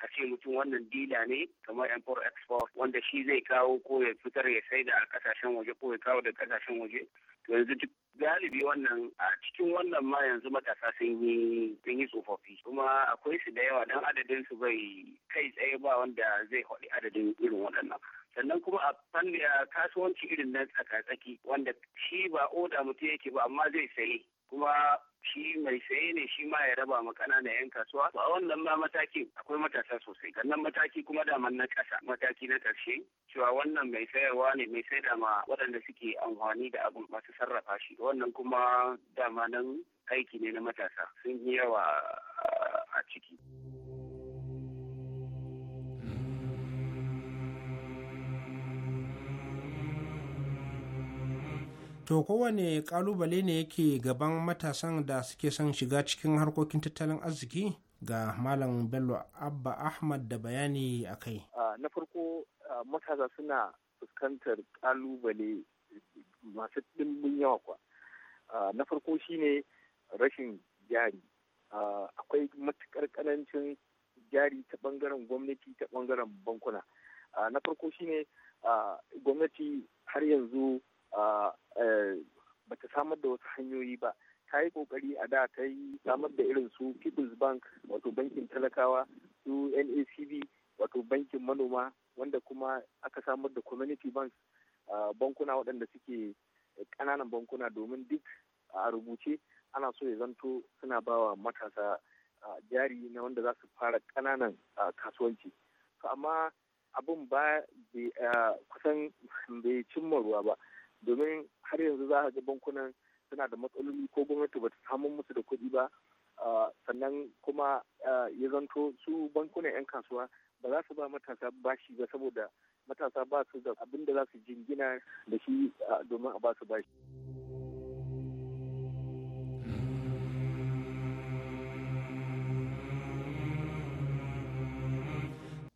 a ce mutum wannan dila ne kamar import export wanda shi zai kawo ko ya fitar ya sai da kasashen waje ko ya kawo da kasashen waje to yanzu duk galibi wannan a cikin wannan ma yanzu matasa sun yi sun yi tsofaffi kuma akwai su da yawa dan adadin su bai kai tsaye ba wanda zai haɗi adadin irin waɗannan sannan kuma a fannin kasuwanci irin na tsaka-tsaki wanda shi ba oda mutum yake ba amma zai sayi. kuma shi mai saye ne shi ma ya raba ma kanana 'yan kasuwa a wannan ma matakin akwai matasa sosai kannan mataki kuma daman na ƙasa mataki na ƙarshe cewa wannan mai sayarwa ne mai sai da ma waɗanda suke amfani da abin masu sarrafa shi wannan kuma dama nan aiki ne na matasa sun yi yawa a ciki. to kowane kalubale ne yake gaban matasan da suke son shiga cikin harkokin tattalin arziki ga malam bello abba ahmad da bayani a kai na farko matasa suna fuskantar kalubale masu ɗimbin yawa kwa na farko shine rashin jari akwai matukar karancin jari ta bangaren gwamnati ta bangaren bankuna na farko shine gwamnati har yanzu Eh, ba ta samar da wasu hanyoyi ba ta yi kokari a da ta yi samar da irin su people's bank wato bankin talakawa su nacb wato bankin manoma wanda kuma aka samar da community banks bankuna waɗanda suke ƙananan bankuna domin duk a rubuce ana so ya zanto suna bawa matasa jari na wanda za su fara ƙananan kasuwanci amma abin ba kusan bai cimma ruwa ba domin har yanzu za a ga bankunan suna da matsaloli ko gwamnati ba ta samu musu da kuɗi ba sannan kuma ya zanto su bankunan 'yan kasuwa ba za su ba matasa bashi ba saboda matasa ba su da abin da za su jingina da shi domin a ba su bashi.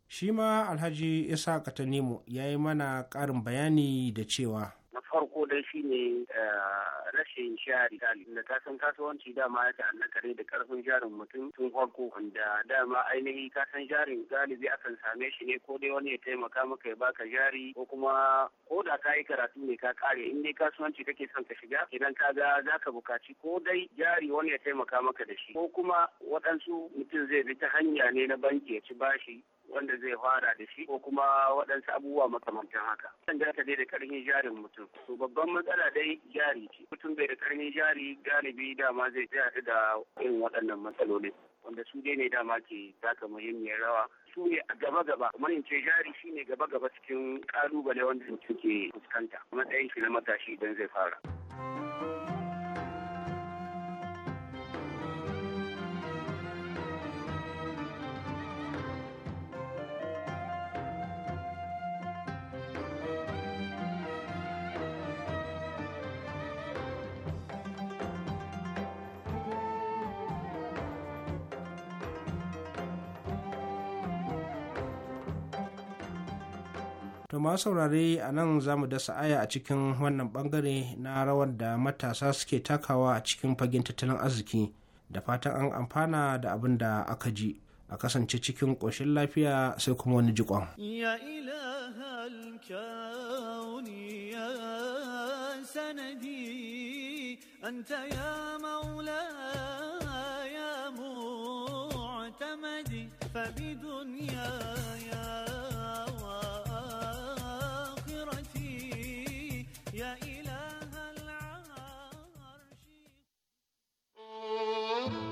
shi ma alhaji isa katanimu ya yi mana ƙarin bayani da cewa farko dai shi ne eh, rashin shari dali da kasan kasuwanci dama ya ta'allaka ne da karfin jarin mutum tun farko wanda dama ainihi kasan jarin galibi akan same shi ne ko dai wani ya taimaka maka ya baka jari ko kuma ko da ka yi karatu ne ka kare in dai kasuwanci kake son ka shiga idan ka ga za ka bukaci ko dai jari wani ya taimaka maka da shi ko kuma waɗansu mutum zai bi ta hanya ne na banki ya ci bashi wanda zai fara da shi ko kuma waɗansu abubuwa makamantan haka. Zan data dai da ƙarfin jarin mutum. To babban matsala dai jari ce. Mutum bai da ƙarfin jari galibi dama zai tsaya da irin waɗannan matsaloli. Wanda su dai ne dama ke taka muhimmiyar rawa su ne a gaba gaba kamar in ce jari shi ne gaba gaba cikin ƙalubale wanda mutum ke fuskanta matsayin shi na matashi idan zai fara. to ma saurare a nan za mu dasa aya a cikin wannan bangare na rawar da matasa suke takawa a cikin fagen tattalin arziki da fatan an amfana da abin da aka ji a kasance cikin ƙoshin lafiya sai kuma wani jikon. Ya sanadi, Mm-hmm.